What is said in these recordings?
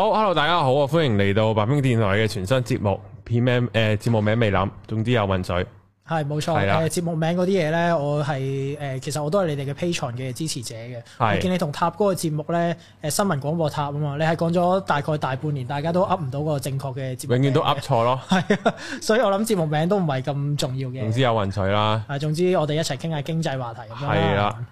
Oh, hello 大家好，歡迎嚟到白兵電台嘅全新節目 P.M. 誒、呃，節目名未諗，總之有渾水係冇錯。誒的、呃，節目名嗰啲嘢咧，我係誒、呃，其實我都係你哋嘅 Patreon 嘅支持者嘅。的我見你同塔哥嘅節目咧，誒、呃，新聞廣播塔啊嘛，你係講咗大概大半年，大家都噏唔到個正確嘅節目，永遠都噏錯咯。係啊 所以我諗節目名都唔係咁重要嘅。總之有渾水啦。啊，總之我哋一齊傾下經濟話題啊。係啊，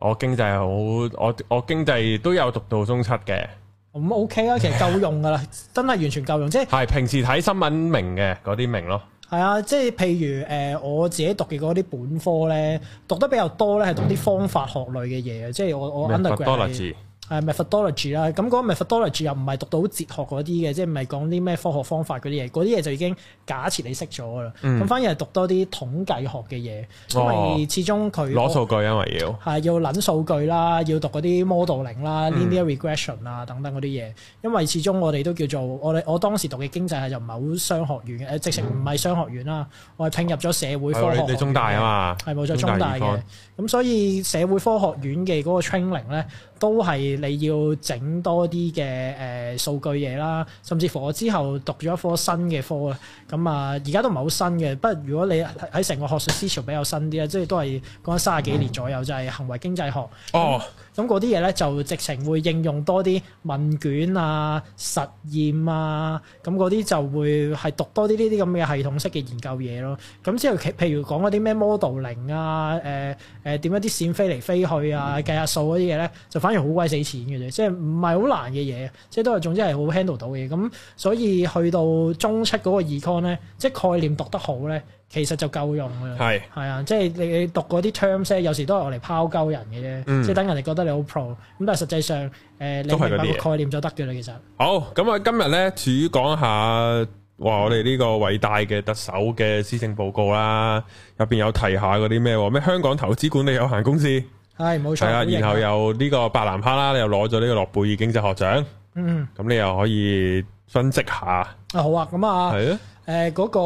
我經濟好，我我經濟都有讀到中七嘅。咁、嗯、OK 啦，其實夠用噶啦，麼真係完全夠用，即係係平時睇新聞明嘅嗰啲明咯。係啊，即係譬如誒、呃，我自己讀嘅嗰啲本科咧，讀得比較多咧，係讀啲方法學類嘅嘢，即係、嗯、我我 undergraduate。誒 methodology 啦，咁嗰、uh, method 個 methodology 又唔係讀到哲學嗰啲嘅，即係唔係講啲咩科學方法嗰啲嘢，嗰啲嘢就已經假設你識咗噶啦。咁、嗯、反而係讀多啲統計學嘅嘢，因為始終佢攞數據因為要係要撚數據啦，要讀嗰啲 modeling 啦、嗯、linear regression 啦等等嗰啲嘢。因為始終我哋都叫做我哋我當時讀嘅經濟係就唔係好商學院嘅、呃，直情唔係商學院啦，嗯、我係拼入咗社會科學學。哦、中大啊嘛，係冇咗中大嘅。咁所以社會科學院嘅嗰個 training 咧。都係你要整多啲嘅誒數據嘢啦，甚至乎我之後讀咗一科新嘅科啊，咁啊而家都唔係好新嘅，不過如果你喺成個學術思潮比較新啲咧，即係都係講三十幾年左右，嗯、就係行為經濟學。哦。嗯咁嗰啲嘢咧就直情會應用多啲問卷啊、實驗啊，咁嗰啲就會係讀多啲呢啲咁嘅系統式嘅研究嘢咯。咁之後譬如講嗰啲咩 model 零啊、誒誒點一啲線飛嚟飛去啊、計下數嗰啲嘢咧，就反而好鬼死淺嘅啫，即係唔係好難嘅嘢，即係都係總之係好 handle 到嘅。咁所以去到中七嗰個 econ 咧，即係概念讀得好咧。其實就夠用啦，係係啊，即係你你讀嗰啲 terms 咧，有時都係我嚟拋鳩人嘅啫，即係等人哋覺得你好 pro，咁但係實際上誒，你明白個概念就得嘅啦。其實好咁啊，今日咧主要講下話我哋呢個偉大嘅特首嘅施政報告啦，入邊有提下嗰啲咩咩香港投資管理有限公司係冇錯，係啦，然後又呢個白蘭花啦，你又攞咗呢個諾貝爾經濟學獎，嗯，咁你又可以分析下啊，好啊，咁啊，係啊。誒嗰個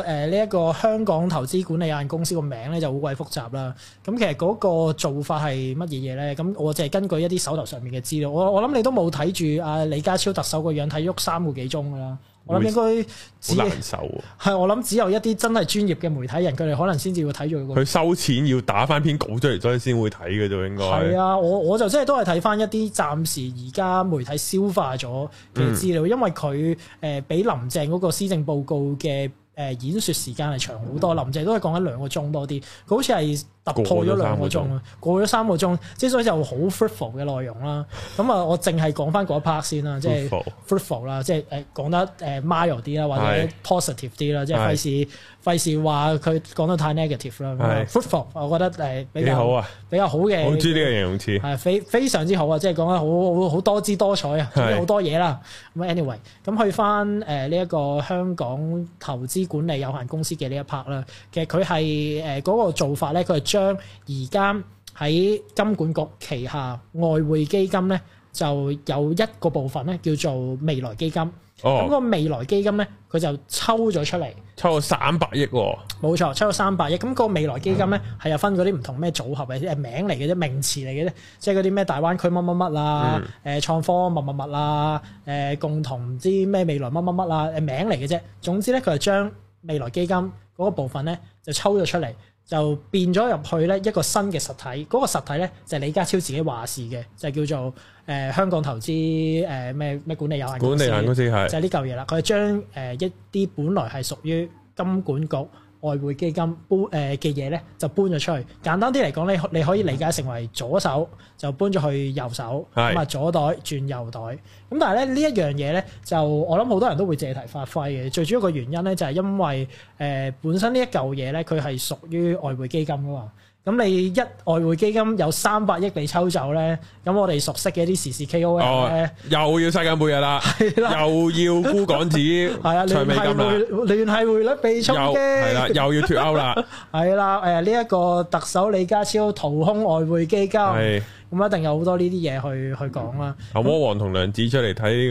誒呢一個香港投資管理有限公司個名咧，就好鬼複雜啦，咁其實嗰個做法係乜嘢嘢咧？咁我淨係根據一啲手頭上面嘅資料，我我諗你都冇睇住啊李家超特首個樣睇喐三個幾鐘㗎啦。我諗應該好難受，係我諗只有一啲真係專業嘅媒體人，佢哋可能先至會睇住佢收錢，要打翻篇稿出嚟，所以先會睇嘅，就應該係啊！我我就真係都係睇翻一啲暫時而家媒體消化咗嘅資料，嗯、因為佢誒俾林鄭嗰個施政報告嘅誒、呃、演說時間係長好多，嗯、林鄭都係講緊兩個鐘多啲，佢好似係。突破咗兩個鐘啊！過咗三個鐘，之所以就好 fruitful 嘅內容啦。咁啊，我淨係講翻嗰一 part 先啦，即係 fruitful 啦， 即係誒講得誒 mild 啲啦，或者 positive 啲啦，即係費事費事話佢講得太 negative 啦。fruitful，我覺得誒比較好、啊、比較好嘅。好知呢個形容詞係非非常之好啊！即係講得好好好多姿多彩啊，好多嘢啦。咁 anyway，咁去翻誒呢一個香港投資管理有限公司嘅呢一 part 啦。其實佢係誒嗰個做法咧，佢係將將而家喺金管局旗下外匯基金咧，就有一個部分咧，叫做未來基金。哦，咁個未來基金咧，佢就抽咗出嚟、哦，抽咗三百億。冇錯，抽咗三百億。咁個未來基金咧，係、嗯、有分嗰啲唔同咩組合嘅誒名嚟嘅啫，名詞嚟嘅啫，即係嗰啲咩大灣區乜乜乜啊，誒、嗯，創科乜乜乜啊，誒，共同唔知咩未來乜乜乜啊，誒，名嚟嘅啫。總之咧，佢就將未來基金嗰個部分咧，就抽咗出嚟。就變咗入去咧一個新嘅實體，嗰、那個實體咧，就係李家超自己話事嘅，就係、是、叫做誒、呃、香港投資誒咩咩管理有限公司，管理公司就係呢嚿嘢啦。佢係將誒一啲本來係屬於金管局。外匯基金搬誒嘅嘢咧，就搬咗出去。簡單啲嚟講，你你可以理解成為左手就搬咗去右手，咁啊是左袋轉右袋。咁但係咧呢一樣嘢咧，就我諗好多人都會借題發揮嘅。最主要個原因咧，就係因為誒、呃、本身呢一嚿嘢咧，佢係屬於外匯基金㗎嘛。咁你一外匯基金有三百億被抽走咧，咁我哋熟悉嘅一啲時事 KOL 咧，又要世界末日啦，又要沽港紙，係啊，亂係聯繫匯率被沖擊，係啦，又要脫歐啦，係啦，誒呢一個特首李家超掏空外匯基金。咁一定有多、嗯嗯、好多呢啲嘢去去講啦。阿魔王同梁子出嚟睇呢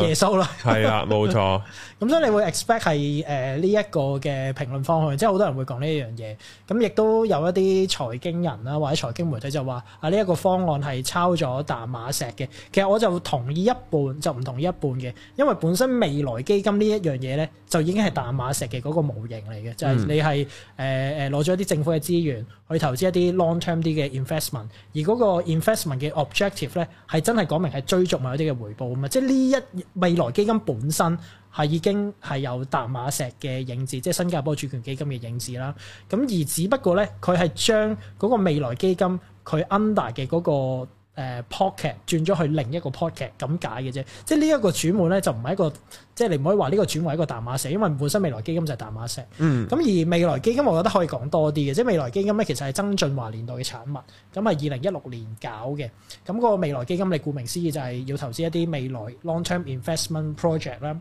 個，耶穌啦，係 啊，冇錯。咁 所以你會 expect 係誒呢一個嘅評論方向，即係好多人會講呢一樣嘢。咁亦都有一啲財經人啦，或者財經媒體就話啊，呢、這、一個方案係抄咗淡馬錫嘅。其實我就同意一半，就唔同意一半嘅，因為本身未來基金呢一樣嘢咧，就已經係淡馬錫嘅嗰個模型嚟嘅，就係、是、你係誒誒攞咗一啲政府嘅資源去投資一啲 long term 啲嘅 investment，而嗰、那個。Investment 嘅 objective 咧，係真係講明係追逐某一啲嘅回報啊嘛，即係呢一未來基金本身係已經係有淡馬錫嘅影子，即係新加坡主權基金嘅影子啦。咁而只不過咧，佢係將嗰個未來基金佢 under 嘅嗰個。誒、uh, p o c k e t 轉咗去另一個 p o c k e t 咁解嘅啫，即係呢一個轉換咧就唔係一個，即係你唔可以話呢個轉換係一個淡馬錫，因為本身未來基金就係淡馬錫。嗯。咁而未來基金我覺得可以講多啲嘅，即係未來基金咧其實係曾俊華年代嘅產物，咁係二零一六年搞嘅。咁、那個未來基金你顧名思義就係要投資一啲未來 long-term investment project 啦。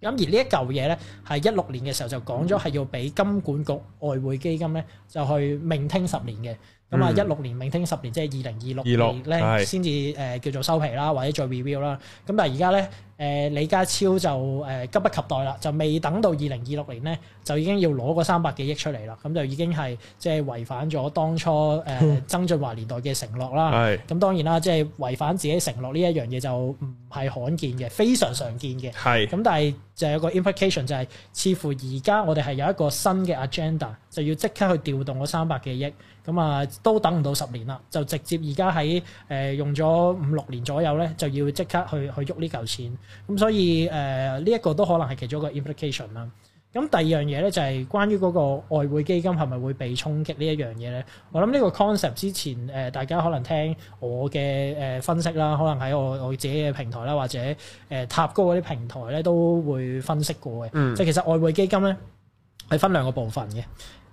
咁而呢一嚿嘢咧係一六年嘅時候就講咗係要俾金管局外匯基金咧就去 maintain 十年嘅。咁啊，一六、嗯、年，明聽十年，即係二零二六年咧，先至誒叫做收皮啦，或者再 review 啦。咁但係而家咧。誒、呃、李家超就誒、呃、急不及待啦，就未等到二零二六年咧，就已經要攞嗰三百幾億出嚟啦。咁就已經係即係違反咗當初誒、呃、曾俊華年代嘅承諾啦。係。咁當然啦，即係違反自己承諾呢一樣嘢就唔係罕見嘅，非常常見嘅。係。咁但係就有個 implication 就係、是，似乎而家我哋係有一個新嘅 agenda，就要即刻去調動嗰三百幾億。咁啊，都等唔到十年啦，就直接而家喺誒用咗五六年左右咧，就要即刻去去喐呢嚿錢。咁所以誒呢一個都可能係其中一個 implication 啦。咁第二樣嘢咧就係、是、關於嗰個外匯基金係咪會被衝擊呢一樣嘢咧，我諗呢個 concept 之前誒、呃、大家可能聽我嘅誒、呃、分析啦，可能喺我我自己嘅平台啦，或者誒、呃、塔高嗰啲平台咧都會分析過嘅。即、嗯、就其實外匯基金咧係分兩個部分嘅。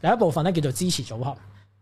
第一部分咧叫做支持組合，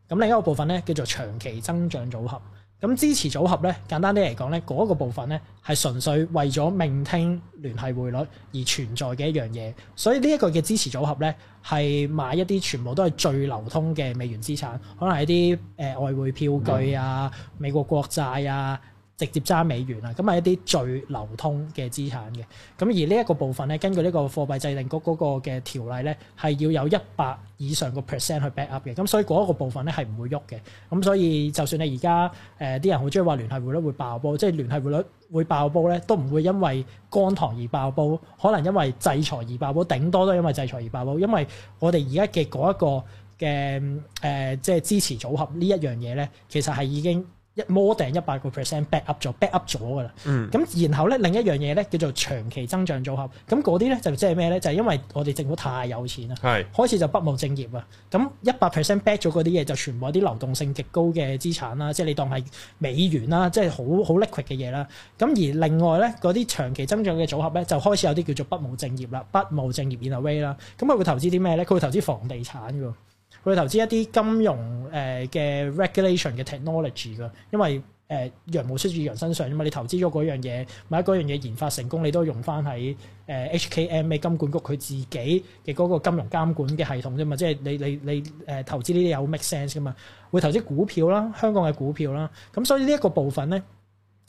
咁另一個部分咧叫做長期增長組合。咁支持組合咧，簡單啲嚟講咧，嗰個部分咧係純粹為咗 maintain 聯繫匯率而存在嘅一樣嘢，所以呢一個嘅支持組合咧係買一啲全部都係最流通嘅美元資產，可能係啲誒外匯票據啊、美國國債啊。直接揸美元啊，咁係一啲最流通嘅資產嘅。咁而呢一個部分咧，根據呢個貨幣制定局嗰個嘅條例咧，係要有一百以上個 percent 去 back up 嘅。咁所以嗰一個部分咧係唔會喐嘅。咁所以就算你而家誒啲人好中意話聯繫匯率會爆煲，即係聯繫匯率會爆煲咧，都唔會因為乾塘而爆煲，可能因為制裁而爆煲，頂多都係因為制裁而爆煲。因為我哋而家嘅嗰一個嘅誒、呃、即係支持組合呢一樣嘢咧，其實係已經。一 more 定一百個 percent back up 咗，back up 咗噶啦。咁、嗯、然後咧，另一樣嘢咧叫做長期增長組合。咁嗰啲咧就即係咩咧？就，就呢、就係、因為我哋政府太有錢啦，是開始就不務正業啦。咁一百 percent back 咗嗰啲嘢就全部啲流動性極高嘅資產啦，即係你當係美元啦，即係好好 liquid 嘅嘢啦。咁而另外咧，嗰啲長期增長嘅組合咧，就開始有啲叫做不務正業啦，不務正業 in a way 啦。咁佢會投資啲咩咧？佢會投資房地產㗎。會投資一啲金融誒嘅，呃、regulation 嘅 technology 噶，因為誒羊毛出自羊身上啫嘛。你投資咗嗰樣嘢，買嗰樣嘢研發成功，你都用翻喺誒、呃、HKMA 金管局佢自己嘅嗰個金融監管嘅系統啫嘛。即係你你你誒、呃、投資呢啲有 make sense 噶嘛。會投資股票啦，香港嘅股票啦。咁所以呢一個部分咧，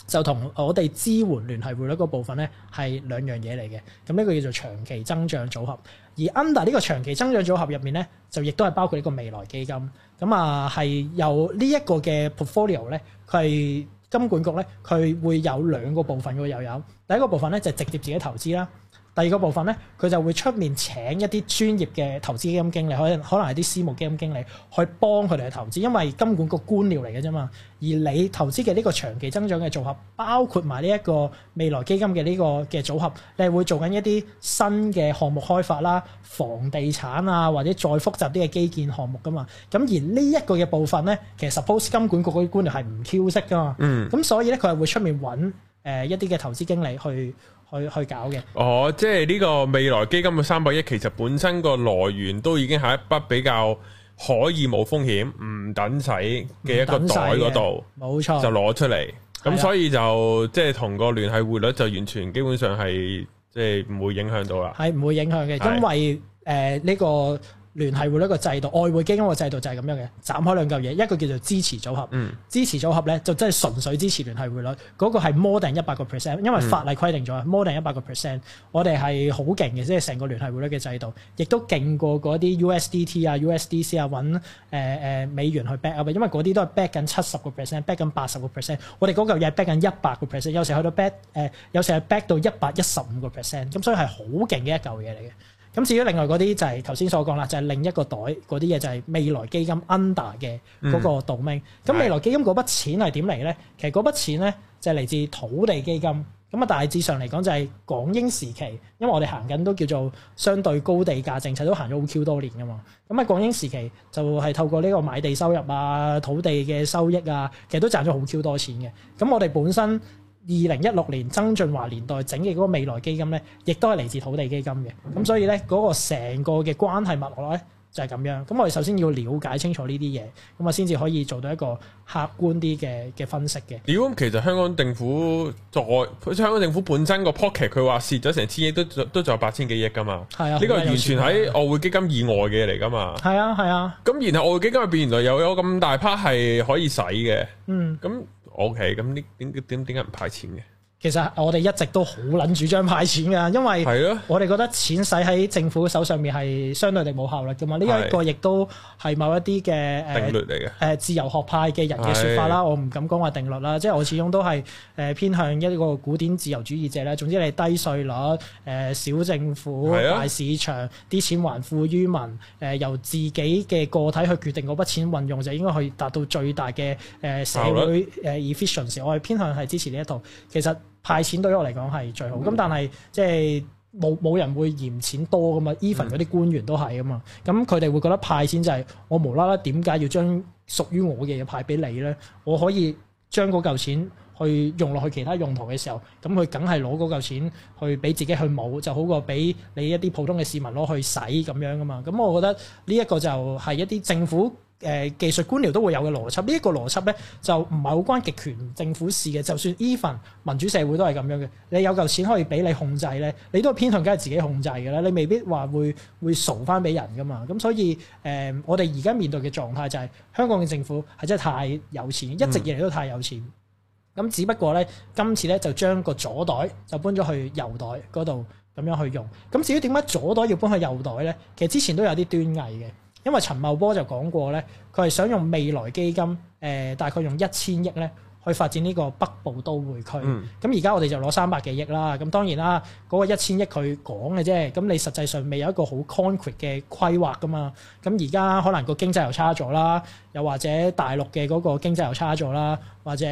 就同我哋支援聯繫匯率嗰部分咧係兩樣嘢嚟嘅。咁呢個叫做長期增長組合。而 under 呢個長期增長組合入面咧，就亦都係包括呢個未來基金，咁啊係由呢一個嘅 portfolio 咧，佢係金管局咧，佢會有兩個部分嘅，又有，有，第一個部分咧就係，直接自己投資啦。第二個部分咧，佢就會出面請一啲專業嘅投資基金經理，可能可能係啲私募基金經理去幫佢哋去投資，因為金管局官僚嚟嘅啫嘛。而你投資嘅呢個長期增長嘅組合，包括埋呢一個未來基金嘅呢個嘅組合，你係會做緊一啲新嘅項目開發啦，房地產啊，或者再複雜啲嘅基建項目㗎嘛。咁而呢一個嘅部分咧，其實 suppose 金管局嗰啲官僚係唔熟識㗎嘛。嗯。咁所以咧，佢係會出面揾。誒、呃、一啲嘅投資經理去去去搞嘅。哦，即係呢個未來基金嘅三百億，其實本身個來源都已經喺一筆比較可以冇風險、唔等使嘅一個袋嗰度，冇錯，就攞出嚟，咁所以就的即係同個聯繫匯率就完全基本上係即係唔會影響到啦，係唔會影響嘅，的因為誒呢、呃呢個。聯繫匯率個制度，外匯基金個制度就係咁樣嘅，斬開兩嚿嘢，一個叫做支持組合，嗯、支持組合咧就真係純粹支持聯繫匯率，嗰、那個係 more than 一百個 percent，因為法例規定咗，more than 一百個 percent。我哋係好勁嘅，即係成個聯繫匯率嘅制度，亦都勁過嗰啲 USDT 啊、USDC 啊揾誒誒、呃呃、美元去 back up，因為嗰啲都係 back 緊七十個 percent，back 緊八十個 percent，我哋嗰嚿嘢係 back 緊一百個 percent，有時去到 back 誒、呃，有時係 back 到一百一十五個 percent，咁所以係好勁嘅一嚿嘢嚟嘅。咁至於另外嗰啲就係頭先所講啦，就係、是、另一個袋嗰啲嘢，就係未來基金 under 嘅嗰個 domain。咁未來基金嗰筆錢係點嚟咧？其實嗰筆錢咧就係、是、嚟自土地基金。咁啊，大致上嚟講就係港英時期，因為我哋行緊都叫做相對高地價政策、就是、都行咗好 Q 多年噶嘛。咁啊，港英時期就係透過呢個買地收入啊、土地嘅收益啊，其實都賺咗好 Q 多錢嘅。咁我哋本身。二零一六年曾俊華年代整嘅嗰個未來基金咧，亦都係嚟自土地基金嘅。咁所以咧，嗰、那個成個嘅關係脈絡咧就係、是、咁樣。咁我哋首先要了解清楚呢啲嘢，咁啊先至可以做到一個客觀啲嘅嘅分析嘅。屌，咁其實香港政府在佢香港政府本身個 pocket，佢話蝕咗成千億，都都仲有八千幾億噶嘛。係啊，呢個完全喺外匯基金以外嘅嘢嚟噶嘛。係啊，係啊。咁然後外匯基金入邊原來有有咁大 part 係可以使嘅。嗯。咁。O K，咁點點解唔派錢嘅？其實我哋一直都好撚主張派錢㗎，因為我哋覺得錢使喺政府手上面係相對地冇效率㗎嘛。呢一的個亦都係某一啲嘅誒自由學派嘅人嘅説法啦。的我唔敢講話定律啦，即係我始終都係誒偏向一個古典自由主義者啦。總之你低稅率、誒、呃、小政府、的大市場，啲錢還富於民，誒、呃、由自己嘅個體去決定嗰筆錢運用就應該去以達到最大嘅誒社會誒 efficiency。我係偏向係支持呢一套。其實。派錢對於我嚟講係最好，咁、嗯、但係即係冇冇人會嫌錢多噶嘛？Even 嗰啲官員都係噶嘛，咁佢哋會覺得派錢就係、是、我無啦啦點解要將屬於我嘅嘢派俾你呢？我可以將嗰嚿錢去用落去其他用途嘅時候，咁佢梗係攞嗰嚿錢去俾自己去冇，就好過俾你一啲普通嘅市民攞去使咁樣噶嘛。咁我覺得呢一個就係一啲政府。誒技術官僚都會有嘅邏輯，呢、這、一個邏輯呢就唔係好關極權政府事嘅，就算 Even 民主社會都係咁樣嘅。你有嚿錢可以俾你控制呢，你都偏向梗係自己控制嘅啦，你未必話會會掃翻俾人㗎嘛。咁所以誒、呃，我哋而家面對嘅狀態就係、是、香港嘅政府係真係太有錢，嗯、一直以嚟都太有錢。咁只不過呢，今次呢就將個左袋就搬咗去右袋嗰度咁樣去用。咁至於點解左袋要搬去右袋呢？其實之前都有啲端倪嘅。因為陳茂波就講過咧，佢係想用未來基金，誒、呃、大概用一千億咧去發展呢個北部都會區。咁而家我哋就攞三百幾億啦。咁當然啦，嗰、那個一千億佢講嘅啫。咁你實際上未有一個好 concrete 嘅規劃㗎嘛？咁而家可能個經濟又差咗啦，又或者大陸嘅嗰個經濟又差咗啦，或者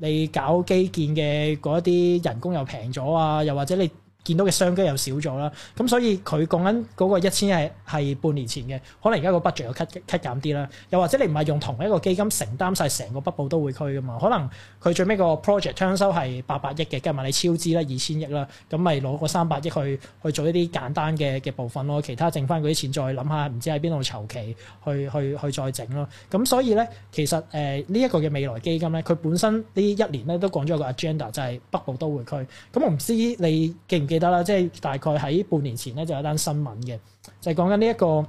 你搞基建嘅嗰一啲人工又平咗啊，又或者你，見到嘅商機又少咗啦，咁所以佢講緊嗰個一千億係係半年前嘅，可能而家個 budget 又 cut cut 減啲啦，又或者你唔係用同一個基金承擔晒成個北部都會區噶嘛？可能佢最尾個 project 徵收係八百億嘅，加埋你超支啦二千億啦，咁咪攞個三百億去去做一啲簡單嘅嘅部分咯，其他剩翻嗰啲錢再諗下，唔知喺邊度籌期去去去，去再整咯。咁所以呢，其實誒呢一個嘅未來基金呢，佢本身呢一年咧都講咗個 agenda 就係北部都會區，咁我唔知你記唔記得？得啦，即係大概喺半年前咧，就有一單新聞嘅，就係講緊呢一個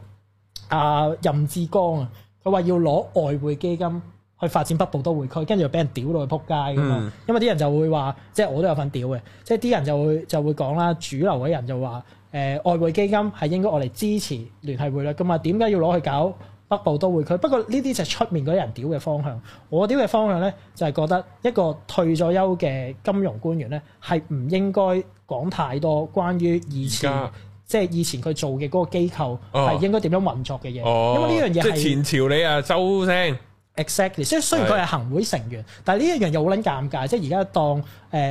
啊任志剛啊，佢話要攞外匯基金去發展北部都會區，跟住就俾人屌落去仆街噶嘛，因為啲人就會話，即係我都有份屌嘅，即係啲人就會就會講啦，主流嘅人就話，誒、呃、外匯基金係應該我哋支持聯繫匯率咁啊，點解要攞去搞？北部都會區，不過呢啲就係出面嗰啲人屌嘅方向。我屌嘅方向咧，就係覺得一個退咗休嘅金融官員咧，係唔應該講太多關於以前，即係以前佢做嘅嗰個機構係應該點樣運作嘅嘢。因為呢樣嘢係前朝你啊周聲 exactly。雖雖然佢係行會成員，但係呢一樣嘢又好撚尷尬。即係而家當誒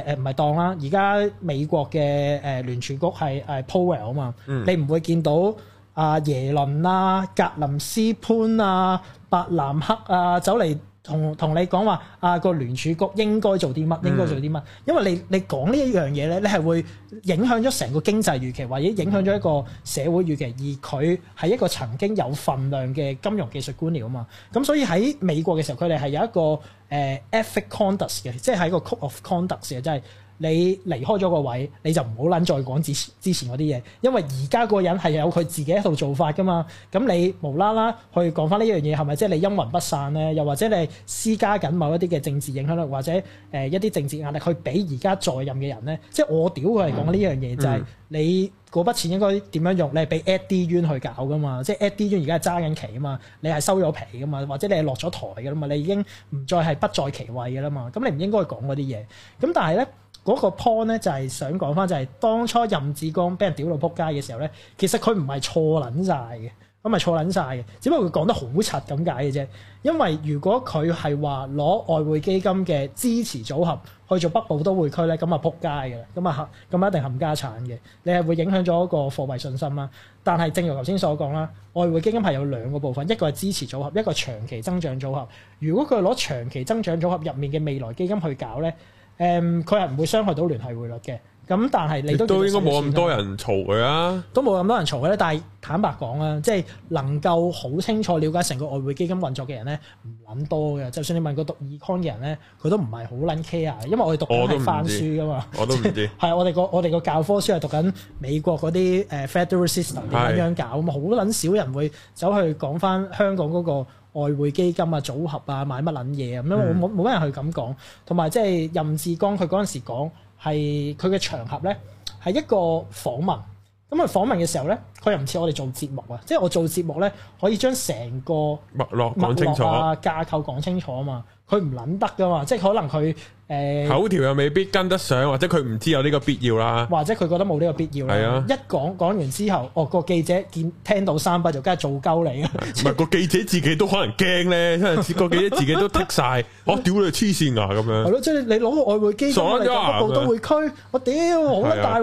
誒唔係當啦，而家美國嘅誒聯儲局係誒 Powell 啊嘛，你唔會見到。啊耶倫啊，格林斯潘啊，伯南克啊，走嚟同同你講話啊，個聯儲局應該做啲乜，嗯、應該做啲乜，因為你你講呢一樣嘢咧，你係會影響咗成個經濟預期，或者影響咗一個社會預期，而佢係一個曾經有份量嘅金融技術官僚啊嘛，咁所以喺美國嘅時候，佢哋係有一個誒、呃、ethical conduct 嘅，即係一個 code of conduct 嘅，即係。你離開咗個位，你就唔好撚再講之前之前嗰啲嘢，因為而家個人係有佢自己一套做法噶嘛。咁你無啦啦去講翻呢樣嘢，係咪即係你陰魂不散咧？又或者你施加緊某一啲嘅政治影響力，或者誒一啲政治壓力去俾而家在任嘅人咧？即係我屌佢嚟講呢樣嘢，嗯嗯、就係你嗰筆錢應該點樣用？你係俾 a d u a 去搞噶嘛？即係 a d u 而家係揸緊旗啊嘛，你係收咗皮啊嘛，或者你係落咗台噶啦嘛，你已經唔再係不在其位噶啦嘛。咁你唔應該講嗰啲嘢。咁但係咧。嗰個 point 咧就係想講翻，就係、是就是、當初任志剛俾人屌到撲街嘅時候咧，其實佢唔係錯撚晒嘅，唔係錯撚晒嘅，只不過佢講得好柒咁解嘅啫。因為如果佢係話攞外匯基金嘅支持組合去做北部都會區咧，咁啊撲街嘅，咁啊咁一定冚家產嘅。你係會影響咗一個貨幣信心啦。但係正如頭先所講啦，外匯基金係有兩個部分，一個係支持組合，一個長期增長組合。如果佢攞長期增長組合入面嘅未來基金去搞咧。誒，佢係唔會傷害到聯繫匯率嘅。咁但係你都應該冇咁多人嘈佢啊，都冇咁多人嘈佢咧。但係坦白講啊，即係能夠好清楚瞭解成個外匯基金運作嘅人咧，唔諗多嘅。就算你問個讀 Econ 嘅人咧，佢都唔係好撚 care，因為我哋讀緊係翻書噶嘛。我都唔知。係 我哋個我哋個教科書係讀緊美國嗰啲誒 Federal System 點樣搞，咁好撚少人會走去講翻香港嗰、嗰個。外匯基金啊，組合啊，買乜撚嘢啊咁樣，冇冇冇乜人去咁講。同埋即係任志剛，佢嗰陣時講係佢嘅場合咧，係一個訪問。咁啊，訪問嘅時候咧，佢又唔似我哋做節目啊。即係我做節目咧，可以將成個脈絡講清楚啊，架構講清楚啊嘛。佢唔撚得噶嘛，即係可能佢。口條又未必跟得上，或者佢唔知有呢個必要啦，或者佢覺得冇呢個必要啦。一講講完之後，哦，個記者見聽到三筆就梗係做鳩你啊！唔係個記者自己都可能驚咧，因為個記者自己都剔晒。我屌你黐線啊咁樣。係咯，即係你攞外匯基金攞北部都會區，我屌好得大，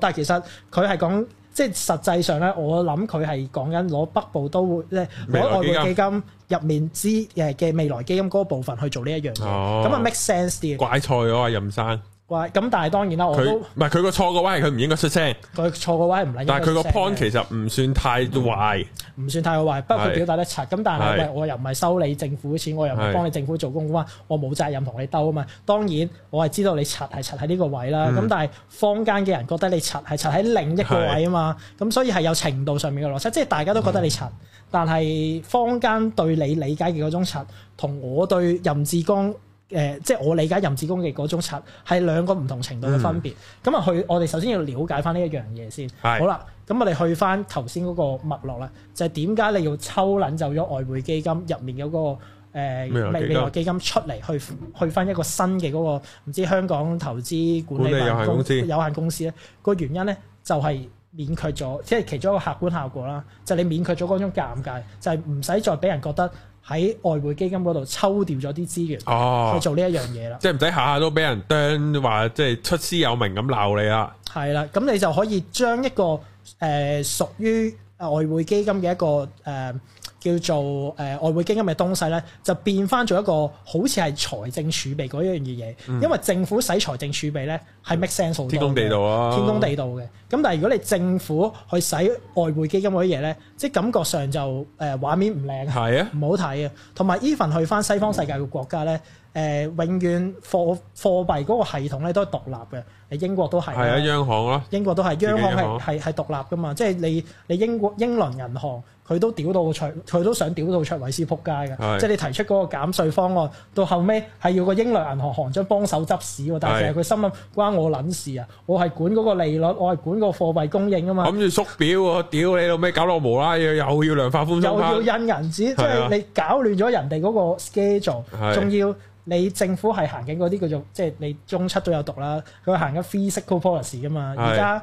但係其實佢係講，即係實際上咧，我諗佢係講緊攞北部都會咧攞外匯基金，入面之誒嘅未來基因嗰部分去做呢一、哦、樣嘢，咁啊 make sense 啲。怪錯咗啊，任生。咁，但係當然啦，我都唔係佢個錯個位係佢唔應該出聲，佢錯個位係唔理。但係佢個 point 其實唔算太壞，唔算太壞，不過佢表達得柒。咁但係我又唔係收你政府嘅錢，我又唔係幫你政府做工啊嘛，我冇責任同你兜啊嘛。當然我係知道你柒係柒喺呢個位啦，咁但係坊間嘅人覺得你柒係柒喺另一個位啊嘛，咁所以係有程度上面嘅落差，即係大家都覺得你柒，但係坊間對你理解嘅嗰種柒，同我對任志剛。誒、呃，即係我理解任志剛嘅嗰種拆係兩個唔同程度嘅分別。咁啊、嗯，去我哋首先要了解翻呢一樣嘢先。係是。好啦，咁我哋去翻頭先嗰個脈絡啦，就係點解你要抽撚走咗外匯基金入面有、那個誒、呃、未來未來基金出嚟，去去翻一個新嘅嗰、那個唔知香港投資管,管理有限公司有限公司咧？那個原因咧就係、是、免卻咗，即係其中一個客觀效果啦。就係、是、你免卻咗嗰種尷尬，就係唔使再俾人覺得。喺外匯基金嗰度抽調咗啲資源、哦，去做呢一樣嘢啦，即係唔使下下都俾人釘話，即係出師有名咁鬧你啦。係啦，咁你就可以將一個誒、呃、屬於外匯基金嘅一個誒。呃叫做誒外匯基金嘅東西咧，就變翻做一個好似係財政儲備嗰一樣嘅嘢，因為政府使財政儲備咧係 make sense 好多。天公地道啊，天公地道嘅。咁但係如果你政府去使外匯基金嗰啲嘢咧，即係感覺上就誒畫面唔靚，係啊，唔好睇啊。同埋 even 去翻西方世界嘅國家咧，誒、呃、永遠貨貨幣嗰個系統咧都係獨立嘅，係英國都係。係啊，央行咯、啊，英國都係央行係係係獨立噶嘛，即係你你英國英倫銀行。佢都屌到，到卓，佢都想屌到卓偉斯仆街嘅，即係你提出嗰個減稅方案，到後尾係要個英倫銀行行長幫手執屎喎，但係佢心諗關我撚事啊，我係管嗰個利率，我係管個貨幣供應啊嘛。諗住縮表喎，屌你老味搞落無啦又要量化寬鬆，又要印銀紙，即係、啊、你搞亂咗人哋嗰個 schedule，仲要你政府係行緊嗰啲叫做即係你中七都有讀啦，佢行緊 fiscal policy 噶嘛，而家。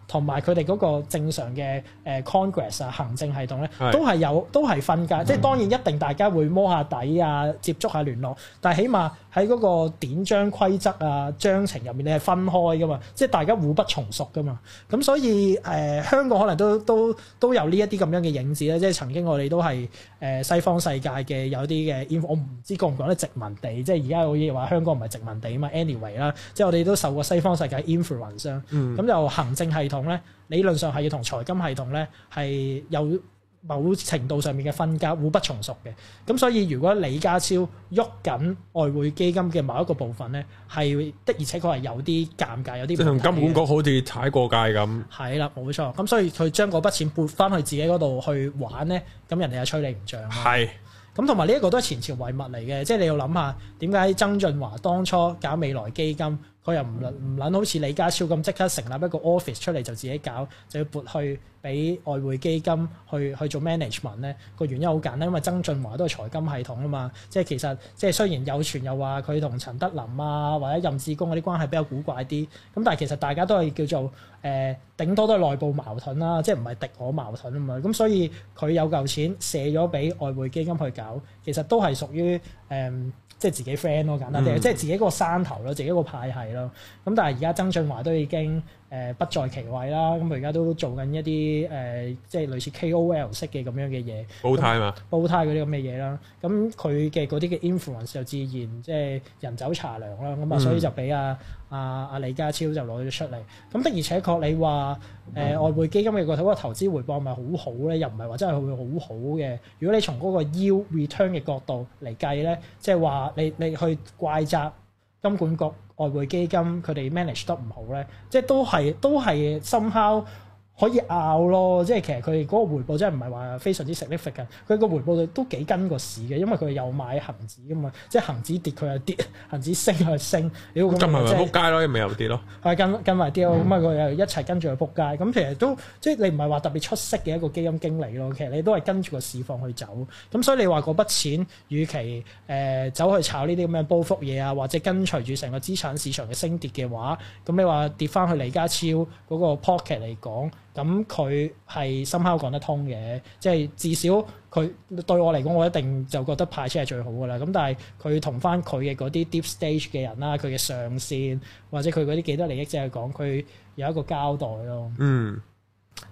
同埋佢哋個正常嘅誒 Congress 啊，行政系統咧，都係有，都係分界，嗯、即係當然一定大家會摸下底啊，接觸下聯絡，但係起碼喺嗰個典章規則啊、章程入面，你係分開噶嘛。即係大家互不從屬噶嘛。咁所以誒、呃、香港可能都都都有呢一啲咁樣嘅影子咧。即係曾經我哋都係誒、呃、西方世界嘅有啲嘅 in，我唔知講唔講咧殖民地。即係而家好似話香港唔係殖民地啊嘛。Anyway 啦，即係我哋都受過西方世界 influence。咁就、嗯、行政系統。理論上係要同財金系統咧係有某程度上面嘅分隔，互不從屬嘅。咁所以如果李家超喐緊外匯基金嘅某一個部分咧，係的而且確係有啲尷尬，有啲即係金管局好似踩過界咁。係啦，冇錯。咁所以佢將嗰筆錢撥返去自己嗰度去玩咧，咁人哋就吹你唔脹。係。咁同埋呢一個都係前朝遺物嚟嘅，即係你要諗下點解曾俊華當初搞未來基金？佢又唔撚唔撚好似李家超咁，即刻成立一個 office 出嚟就自己搞，就要撥去，俾外匯基金去去做 management 咧，個原因好簡單，因為曾俊華都係財金系統啊嘛，即係其實即係雖然有傳又話佢同陳德霖啊或者任志剛嗰啲關係比較古怪啲，咁但係其實大家都係叫做誒、呃、頂多都係內部矛盾啦、啊，即係唔係敵我矛盾啊嘛，咁、嗯、所以佢有嚿錢借咗俾外匯基金去搞，其實都係屬於誒、嗯、即係自己 friend 咯，簡單啲、嗯、即係自己嗰個山頭咯，自己個派系咯，咁但係而家曾俊華都已經，誒不在其位啦，咁佢而家都在做緊一啲誒，即係類似 KOL 式嘅咁樣嘅嘢，煲胎嘛，煲胎嗰啲咁嘅嘢啦。咁佢嘅嗰啲嘅 influence 就自然即係、就是、人走茶涼啦。咁啊，所以就俾阿阿阿李家超就攞咗出嚟。咁的而且確你，你話誒外匯基金嘅嗰個投資回報咪好好咧？又唔係話真係會好好嘅。如果你從嗰個 U return 嘅角度嚟計咧，即係話你你去怪責，金管局外匯基金佢哋 manage 得唔好咧，即係都係都係 somehow 可以拗咯，即係其實佢嗰個回報真係唔係話非常之 significant。佢個回報都幾跟個市嘅，因為佢有買恒指㗎嘛。即係恒指跌佢又跌，恒指升佢升，屌咁即係撲街咯，咪又跌咯。係跟跟埋跌咯，咁啊佢又一齊跟住去撲街。咁其實都即係你唔係話特別出色嘅一個基金經理咯。其實你都係跟住個市況去走。咁所以你話嗰筆錢，與其誒、呃、走去炒呢啲咁嘅波幅嘢啊，或者跟隨住成個資產市場嘅升跌嘅話，咁你話跌翻去李家超嗰、嗰個 pocket 嚟講。咁佢係深刻講得通嘅，即係至少佢對我嚟講，我一定就覺得派車係最好嘅啦。咁但係佢同翻佢嘅嗰啲 deep stage 嘅人啦，佢嘅上線或者佢嗰啲幾多利益者講，佢有一個交代咯。嗯，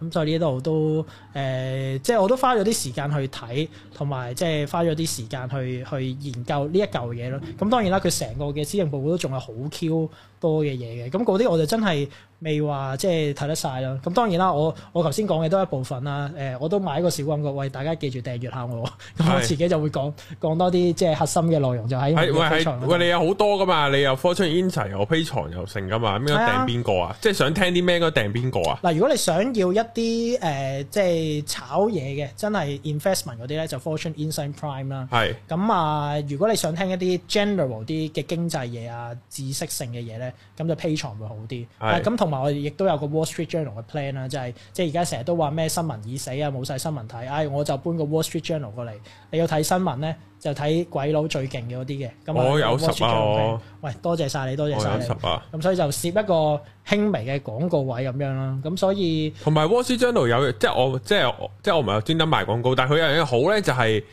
咁所以呢度都誒、呃，即係我都花咗啲時間去睇，同埋即係花咗啲時間去去研究呢一嚿嘢咯。咁當然啦，佢成個嘅私營部門都仲係好 Q 多嘅嘢嘅，咁嗰啲我就真係。未話即係睇得晒咯，咁當然啦，我我頭先講嘅都一部分啦，誒、呃，我都買一個小廣告，喂大家記住訂閲下我，咁我自己就會講講是多啲即係核心嘅內容就喺。係喂，中喂，你有好多噶嘛？你有 Inter, 又 Fortune Insight 又批藏又剩噶嘛？邊個訂邊個啊？啊即係想聽啲咩？嗰訂邊個啊？嗱，如果你想要一啲誒、呃、即係炒嘢嘅，真係 investment 嗰啲咧，就 Fortune i n s i g h Prime 啦。係是。咁啊，如果你想聽一啲 general 啲嘅經濟嘢啊、知識性嘅嘢咧，咁就 pay 藏會好啲。咁同是。同埋我亦都有個《Wall Street Journal》嘅 plan 啦，就係即係而家成日都話咩新聞已死啊，冇晒新聞睇。唉，我就搬個《Wall Street Journal》過嚟，你要睇新聞咧就睇鬼佬最勁嘅嗰啲嘅。我有十啊！Journal, 十啊喂，多謝晒你，多謝晒。你。十啊！咁所以就攝一個輕微嘅廣告位咁樣啦。咁所以同埋《Wall Street Journal 有》有即係我即係即係我唔係有專登賣廣告，但係佢有一樣嘢好咧，就係、係。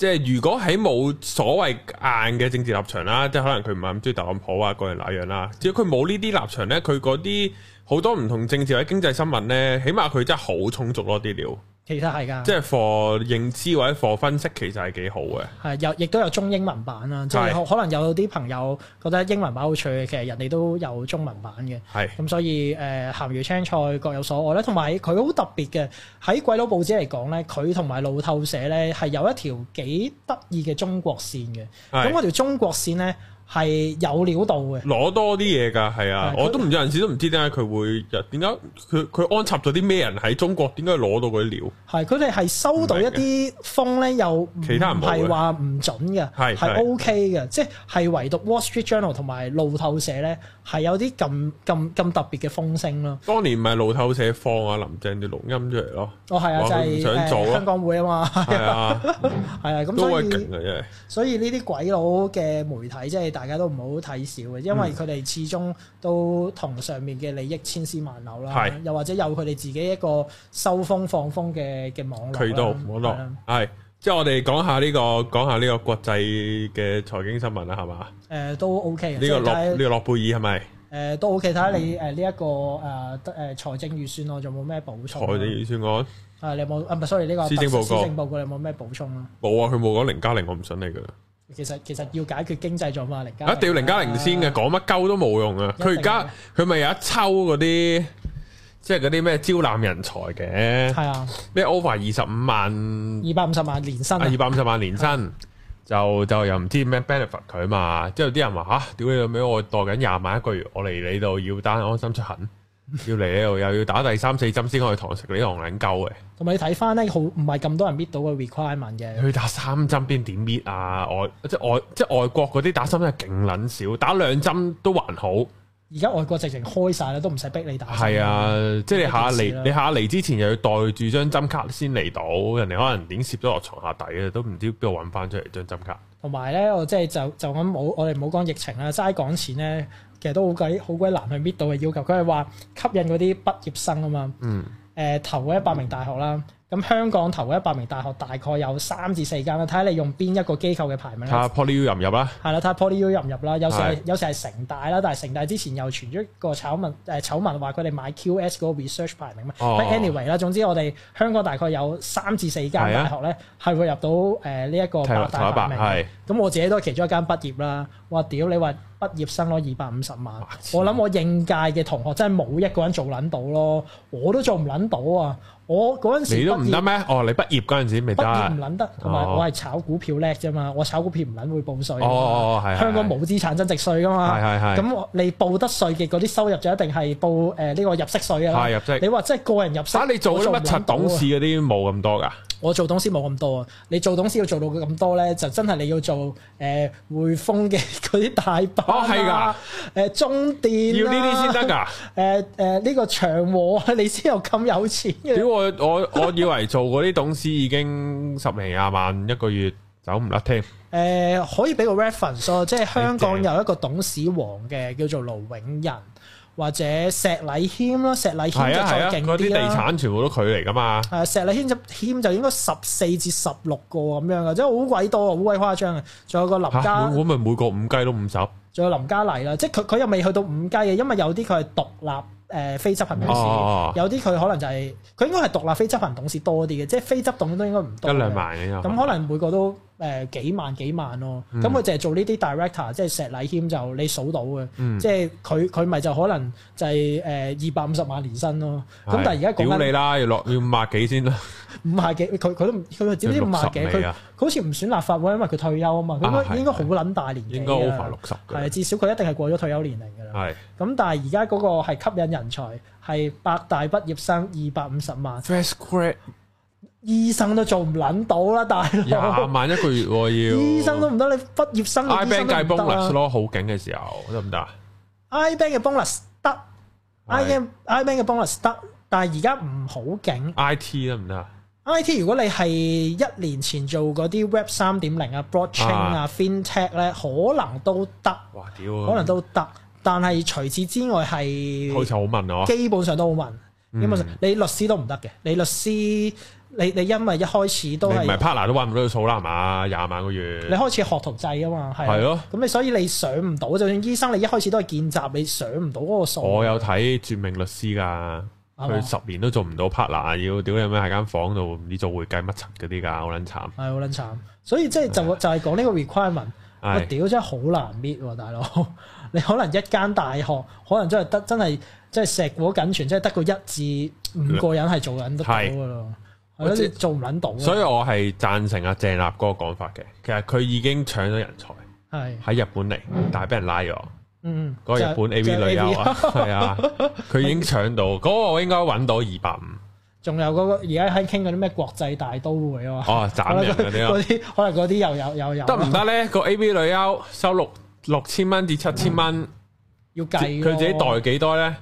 即係如果喺冇所謂硬嘅政治立場啦，即係可能佢唔係咁中意特朗普啊，嗰樣那樣啦，只要佢冇呢啲立場咧，佢嗰啲好多唔同政治或者經濟新聞咧，起碼佢真係好充足囉啲料。其實係噶，即係 for 認知或者 for 分析，其實係幾好嘅。係，有亦都有中英文版啦。係，可能有啲朋友覺得英文版好趣嘅，其實人哋都有中文版嘅。係是，咁所以誒鹹魚青菜各有所愛咧。同埋佢好特別嘅，喺《鬼佬報紙》嚟講咧，佢同埋路透社咧係有一條幾得意嘅中國線嘅。咁嗰是條中國線咧。係有料到嘅，攞多啲嘢㗎，係啊！我都唔有陣時都唔知點解佢會，又點解佢佢安插咗啲咩人喺中國？點解攞到嗰啲料？係佢哋係收到一啲風咧，又其他人唔係話唔準嘅，係係 OK 嘅，即係係唯獨《Wall Street Journal》同埋路透社咧係有啲咁咁咁特別嘅風聲咯。當年唔係路透社放啊林鄭啲錄音出嚟咯，哦係啊，就佢想做香港會啊嘛，係啊，係啊，咁都係勁嘅，所以所以呢啲鬼佬嘅媒體即係。大家都唔好睇少嘅，因為佢哋始終都同上面嘅利益千絲萬縷啦，又或者有佢哋自己一個收風放風嘅嘅網渠道網絡。係，即係我哋講下呢個，講下呢個國際嘅財經新聞啦，係嘛？誒，都 OK。呢個諾呢個諾貝爾係咪？誒，都 OK。睇下你誒呢一個誒財政預算案仲有冇咩補充？財政預算案啊，你有冇？唔係，sorry，呢個施政報告，施政報告你有冇咩補充啊？冇啊，佢冇講零加零，我唔信你噶。其實其實要解決經濟狀況嚟噶，零加啊、一定要零加零先嘅，講乜鳩都冇用啊！佢而家佢咪有一抽嗰啲，即係嗰啲咩招攬人才嘅，係的啊，咩 over 二十五萬，二百五十萬年薪二百五十萬年薪就就又唔知咩 benefit 佢嘛？之後啲人話吓、啊，屌你老味，我待緊廿萬一個月，我嚟你度要 down 安心出行。 要嚟呢度又要打第三四針先可以堂食呢個冷狗嘅，同埋你睇翻咧，好唔係咁多人搣到個 requirement 嘅。佢打三針邊點搣啊？外即外即外國嗰啲打針係勁撚少，打兩針都還好。而家外國直情開晒啦，都唔使逼你打。係啊，即你，你下嚟你下嚟之前又要袋住張針卡先嚟到，人哋可能已經攝咗落床下底啊，都唔知邊度揾翻出嚟張針卡。同埋咧，我即係就就咁冇我哋冇講疫情啦，齋講錢咧。其實都好鬼好鬼難去搣到嘅要求，佢係話吸引嗰啲畢業生啊嘛，嗯，誒、呃，投嗰一百名大學啦。咁香港頭一百名大學大概有三至四間啦，睇下你用邊一個機構嘅排名睇啦。PolyU 入唔入啦？係啦，睇下 PolyU 入唔入啦？有時係是的 有時係城大啦，但係城大之前又傳咗一個醜聞，誒、呃、醜聞話佢哋買 QS 個 research 排名啊。哦、Anyway 啦，總之我哋香港大概有三至四間大學咧係會入到誒呢一個百大排名嘅。咁我自己都係其中一間畢業啦。哇屌！你話畢業生攞二百五十萬，哇塞 我諗我應屆嘅同學真係冇一個人做撚到咯，我都做唔撚到啊！我嗰陣時你都唔得咩？哦，你畢業嗰陣時未得啊？畢業唔撚得，同埋我係炒股票叻啫嘛！我炒股票唔撚會報稅。哦哦哦，係。香港冇資產增值稅噶嘛？係係係。咁你報得稅嘅嗰啲收入就一定係報誒呢個入息稅啊。係入息。你話即係個人入息。但係你做乜柒董事嗰啲冇咁多噶？我做董事冇咁多啊！你做董事要做到咁多咧，就真係你要做誒匯豐嘅嗰啲大班。哦，係㗎。誒中電要呢啲先得㗎。誒誒呢個長和你先有咁有錢嘅。我我我以為做嗰啲董事已經十零廿萬一個月走唔甩添。誒，可以俾個 reference 咯，即係香港有一個董事王嘅，叫做盧永仁或者石禮謙啦，石禮謙就再勁啲啦。嗰啲地產全部都佢嚟噶嘛？誒，石禮謙就謙就應該十四至十六個咁樣嘅，即係好鬼多啊，好鬼誇張啊！仲有個林家，會咪每個五階都五十。仲有林嘉麗啦，即係佢佢又未去到五階嘅，因為有啲佢係獨立。誒非執行董事、哦、有啲佢可能就係、是、佢應該係獨立非執行董事多啲嘅，即係非執董都應該唔多，一兩萬嘅，咁可能每個都，誒幾萬幾萬咯，咁佢淨係做呢啲 director，即係石禮謙就你數到嘅，即係佢佢咪就可能就係誒二百五十萬年薪咯。咁但係而家講緊屌你啦，要落要五萬幾先啦。五萬幾佢佢都佢至少五萬幾，佢好似唔選立法會，因為佢退休啊嘛。應該應該好撚大年紀啊，應該 over 六十。係至少佢一定係過咗退休年齡㗎啦。係。咁但係而家嗰個係吸引人才，係八大畢業生二百五十萬。醫生都做唔撚到啦，但係廿萬一個月要醫生都唔得，你畢業生嘅醫生都唔得啊。I bank 嘅 bonus 咯，好勁嘅時候得唔得啊？I bank 嘅 bonus 得，I M I bank 嘅 bonus 得，但係而家唔好勁。I T 得唔得啊？I T 如果你係一年前做嗰啲 Web 三點零啊，Blockchain 啊，FinTech 咧，可能都得。哇，屌、啊！可能都得，但係除此之外係好似好問啊，基本上都好問。嗯、基本上你律師都唔得嘅，你律師。你你因為一開始都係唔係 partner 都揾唔到個數啦，係嘛？廿萬個月，你開始學徒制啊嘛，係啊。係咯。咁你所以你上唔到，就算醫生你一開始都係見習，你上唔到嗰個數。我有睇絕命律師㗎，佢十年都做唔到 partner，要屌你咩喺間房度，你做會計乜柒嗰啲㗎，好撚慘。係好撚慘，所以即係就就係講呢個 requirement，我屌的、哎、真係好難搣喎、啊，大佬。你可能一間大學，可能真係得真係即係碩果僅存，真係得個一至五個人係做緊都到咯。的我即係做唔捻到。所以我係贊成阿鄭立哥個講法嘅，其實佢已經搶咗人才，喺日本嚟，但係俾人拉咗。嗯，嗰個日本 A V 女優係啊，佢已經搶到。嗰個我應該搵到二百五。仲有嗰個而家喺傾嗰啲咩國際大都會啊？哦，斬人嗰啲，嗰啲可能嗰啲又有又有。得唔得咧？個 A V 女優收六六千蚊至七千蚊，要計。佢自己袋幾多咧？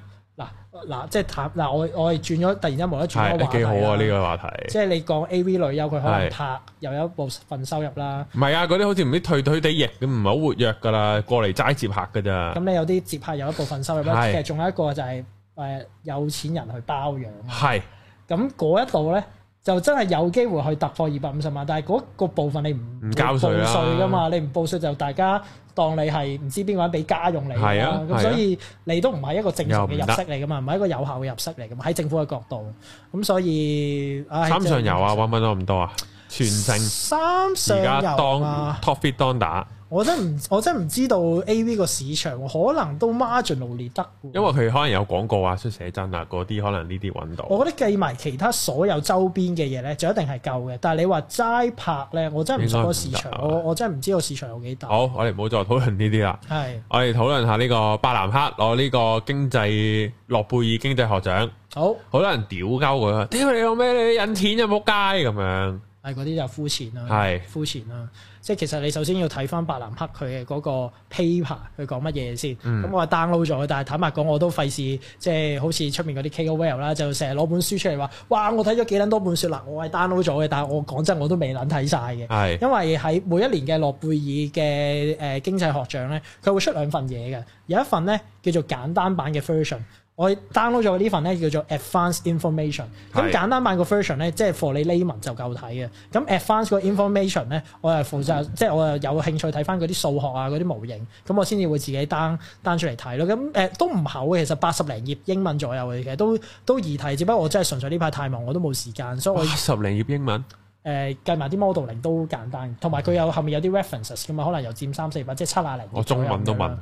嗱，即係拍嗱，我我係轉咗，突然之間冇得轉個話題。幾好啊呢個話題。即係你講 A.V. 女優，佢可能拍又有一部分收入啦。唔係是啊，嗰啲好似唔知退退地役，佢唔係好活躍噶啦，過嚟齋接客噶咋。咁你有啲接客有一部分收入啦，是其實仲有一個就係誒有錢人去包養。係是。咁嗰一度咧，就真係有機會去突破二百五十萬，但係嗰部分你唔唔交稅稅㗎嘛，你唔報稅就大家。當你係唔知邊個俾家用嚟嘅，咁、啊、所以你都唔係一個正常嘅入息嚟噶嘛，唔係一個有效嘅入息嚟噶嘛，喺政府嘅角度，咁所以、哎、三上游啊，揾唔揾到咁多啊，全程三上游啊，當 top fit 當打？我真唔，我真唔知道 A.V 個市場可能都 marginal 努力得。因為佢可能有廣告啊，出寫真啊，嗰啲可能呢啲搵到。我覺得計埋其他所有周邊嘅嘢咧，就一定係夠嘅。但係你話齋拍咧，我真唔知個市場，我我真係唔知個市場有幾大。好，我哋唔好再討論呢啲啦。係是，我哋討論下呢個伯南克攞呢個經濟諾貝爾經濟學獎。好好多人屌鳩佢，屌你有咩？你印錢有冇街咁樣？嗰啲就膚淺啦，膚是淺啦，即係其實你首先要睇翻白蘭克佢嘅嗰個 paper 佢講乜嘢先。咁我係 download 咗，但係坦白講，我都費事即係好似出面嗰啲 KOL 啦，就成日攞本書出嚟話，哇！我睇咗幾撚多本書啦，我係 download 咗嘅，但係我講真，我都未撚睇晒嘅。係是因為喺每一年嘅諾貝爾嘅誒經濟學獎咧，佢會出兩份嘢嘅，有一份咧叫做簡單版嘅 version。我 download 咗呢份咧，叫做 Advanced Information，咁的簡單版個 version 咧，即係 for 你 layman 就夠睇嘅。咁 Advanced Information 咧，我係負責，嗯、即係我又有興趣睇翻嗰啲數學啊，嗰啲模型，咁我先至會自己 down down 出嚟睇咯。咁誒、呃、都唔厚嘅，其實八十零頁英文左右嘅，都都易睇。只不過我真係純粹呢排太忙，我都冇時間，所以我十零頁英文誒計埋啲、呃、modeling 都簡單，同埋佢有，有、嗯、後面有啲 references 咁嘛，可能又佔三四百，即係七啊零。我中文都問。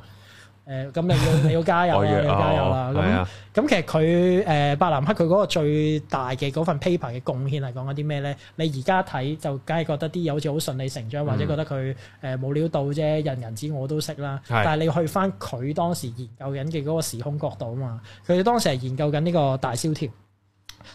誒咁、嗯、你要你要加油啦，你要加油啦。咁咁 了其實佢誒伯南克佢嗰個最大嘅嗰份 paper 嘅貢獻係講緊啲咩咧？你而家睇就梗係覺得啲嘢好似好順理成章，嗯、或者覺得佢誒冇料到啫，人人知我都識啦。的但係你去翻佢當時研究緊嘅嗰個時空角度啊嘛，佢當時係研究緊呢個大蕭條。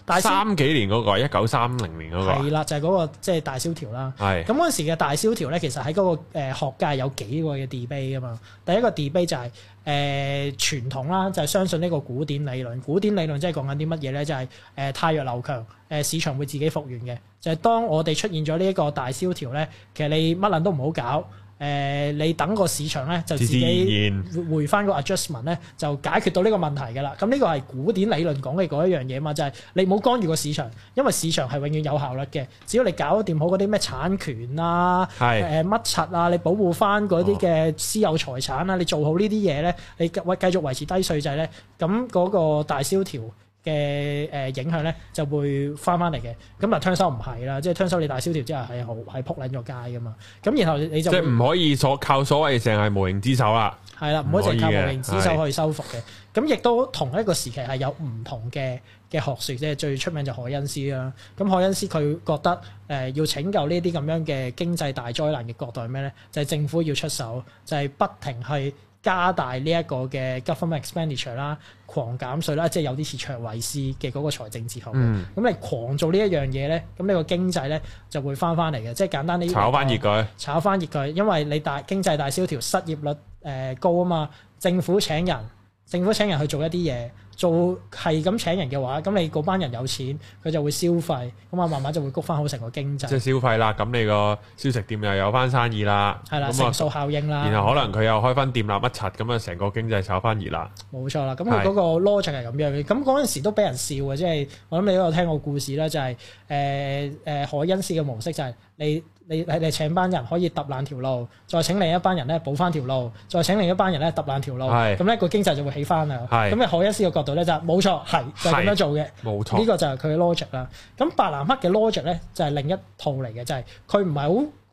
但三幾年嗰、那個，一九三零年嗰、那個係啦，就係、是、嗰、那個即係、就是、大蕭條啦。係咁嗰陣時嘅大蕭條咧，其實喺嗰個誒學界有幾個嘅 debate 噶嘛。第一個 debate 就係、是、誒、呃、傳統啦，就係、是、相信呢個古典理論。古典理論即係講緊啲乜嘢咧？就係、是、誒、呃、汰弱留強，誒、呃、市場會自己復原嘅。就係、是、當我哋出現咗呢一個大蕭條咧，其實你乜撚都唔好搞。誒、呃，你等個市場咧就自己回翻個 adjustment 咧，就解決到呢個問題㗎啦。咁呢個係古典理論講嘅嗰一樣嘢嘛，就係、是、你冇干預過市場，因為市場係永遠有效率嘅。只要你搞掂好嗰啲咩產權啊，係誒乜柒啊，你保護翻嗰啲嘅私有財產啊，你做好呢啲嘢咧，你維繼續維持低稅制咧，咁嗰個大蕭條嘅誒影響咧就會翻翻嚟嘅，咁啊搶修唔係啦，即係搶修你大蕭條之後係好係撲撚咗街噶嘛，咁然後你就即係唔可以所靠所謂淨係無形之手啦，係啦，唔可以淨靠無形之手去修復嘅，咁亦都同一個時期係有唔同嘅嘅學説，即係最出名就凱恩斯啦，咁凱恩斯佢覺得誒要拯救呢啲咁樣嘅經濟大災難嘅角度係咩咧？就係政府要出手，就係不停去。加大呢一個嘅 government expenditure 啦，狂減稅啦，即係有啲似卓慧思嘅嗰個財政政策。咁、嗯、你狂做呢一樣嘢咧，咁呢個經濟咧就會翻翻嚟嘅。即係簡單啲炒翻熱佢，炒翻熱佢，因為你大經濟大蕭條，失業率誒高啊嘛，政府請人，政府請人去做一啲嘢。做係咁請人嘅話，咁你嗰班人有錢，佢就會消費，咁啊慢慢就會谷翻好成個經濟。即係消費啦，咁你個小食店又有翻生意啦，係啦的，乘數效應啦。然後可能佢又開翻店啦乜柒，咁啊成個經濟炒翻熱啦。冇錯啦，咁佢嗰個邏輯係咁樣。咁嗰陣時都俾人笑嘅，即、就、係、是、我諗你都有聽過故事啦，就係誒誒凱恩斯嘅模式就係、是。你你你你請班人可以揼爛條路，再請另一班人咧補翻條路，再請另一班人咧揼爛條路，咁咧個經濟就會起翻啦。咁是你凱恩斯嘅角度咧就冇、是、錯，係就咁、是、樣做嘅，呢個就係佢嘅 logic 啦。咁伯南克嘅 logic 咧就係另一套嚟嘅，就係佢唔係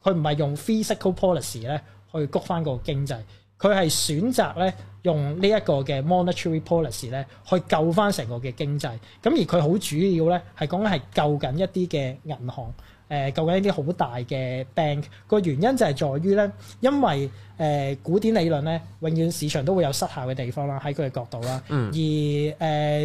好，佢唔係用 fiscal policy 咧去谷翻個，個經濟，佢係選擇咧用呢一個嘅 monetary policy 咧去救翻成個嘅經濟。咁而佢好主要咧係講緊係救緊一啲嘅銀行。誒、呃，究竟呢啲好大嘅 bank 個原因就係在於咧，因為誒、呃、古典理論咧，永遠市場都會有失效嘅地方啦，喺佢嘅角度啦。嗯。而誒、呃、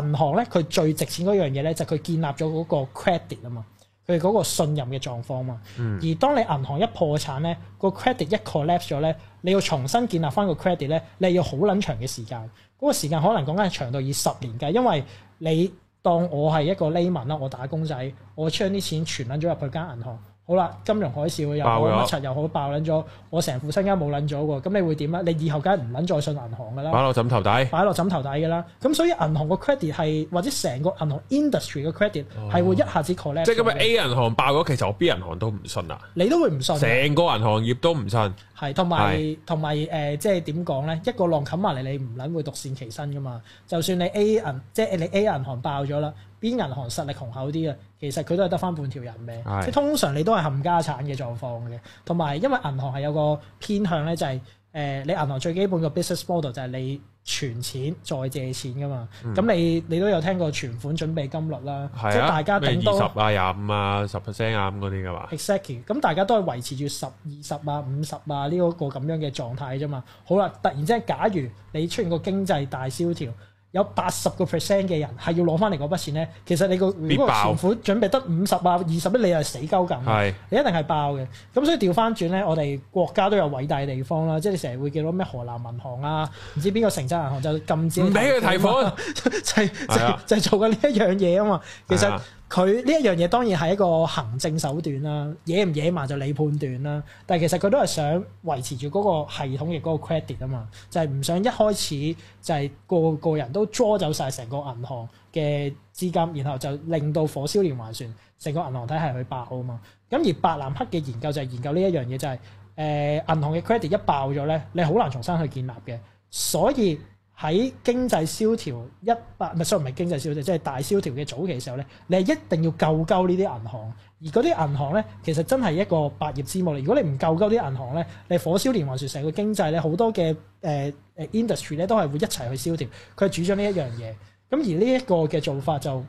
銀行咧，佢最值錢嗰樣嘢咧，就係、是、佢建立咗嗰個 credit 啊嘛，佢嗰個信任嘅狀況嘛。嗯。而當你銀行一破產咧，個 credit 一 collapse 咗咧，你要重新建立翻個 credit 咧，你要好撚長嘅時間。嗰、那個時間可能講緊係長到二十年㗎，因為你。當我係一個 layman 啦，我打工仔，我將啲錢存撚咗入去間銀行。好啦，金融海嘯又冇乜柒，又了好爆撚咗，我成副身家冇撚咗喎，咁你會點啊？你以後梗係唔撚再信銀行噶啦，擺落枕頭底，擺落枕頭底噶啦。咁所以銀行個 credit 係或者成個銀行 industry 嘅 credit 係、哦、會一下子 collect 即係咁啊，A 銀行爆咗，其實我 B 銀行都唔信啊。你都會唔信。成個銀行業都唔信。係同埋同埋誒，即係點講咧？一個浪冚埋嚟，你唔撚會獨善其身噶嘛？就算你 A 銀，即係你 A 銀行爆咗啦，B 銀行實力雄厚啲嘅。其實佢都係得翻半條人命，即係的通常你都係冚家鏟嘅狀況嘅，同埋因為銀行係有個偏向咧、就係，就係誒你銀行最基本個 business model 就係你存錢再借錢噶嘛，咁、嗯、你你都有聽過存款準備金率啦，即係的大家頂多二十啊、廿五啊、十 percent 啊咁嗰啲噶嘛。Exactly，咁大家都係維持住十二十啊、五十啊呢個咁樣嘅狀態啫嘛。好啦，突然之間，假如你出現個經濟大蕭條。有八十個 percent 嘅人係要攞翻嚟嗰筆錢咧，其實你個存款準備得五十啊、二十咧，你係死鳩緊，你一定係爆嘅。咁所以調翻轉咧，我哋國家都有偉大嘅地方啦，即係你成日會見到咩河南銀行啊，唔知邊個城鎮銀行就禁止你、啊，唔俾佢提款，就係、的就就做緊呢一樣嘢啊嘛，其實。佢呢一樣嘢當然係一個行政手段啦、啊，野唔野蠻就你判斷啦、啊。但係其實佢都係想維持住嗰個系統嘅嗰個 credit 啊嘛，就係、是、唔想一開始就係個個人都捉走晒成個銀行嘅資金，然後就令到火燒連環船，成個銀行體系去爆啊嘛。咁而白蘭克嘅研究就係研究呢一樣嘢，就係、是、誒、呃、銀行嘅 credit 一爆咗咧，你好難重新去建立嘅，所以。喺經濟蕭條一百，唔係 sorry，唔係經濟蕭條，即係大蕭條嘅早期時候咧，你係一定要救救呢啲銀行，而嗰啲銀行咧，其實真係一個百業之母嚟。如果你唔救救啲銀行咧，你火燒連環船，成個經濟咧，好多嘅誒誒 industry 咧都係會一齊去蕭條。佢係主張呢一樣嘢，咁而呢一個嘅做法就。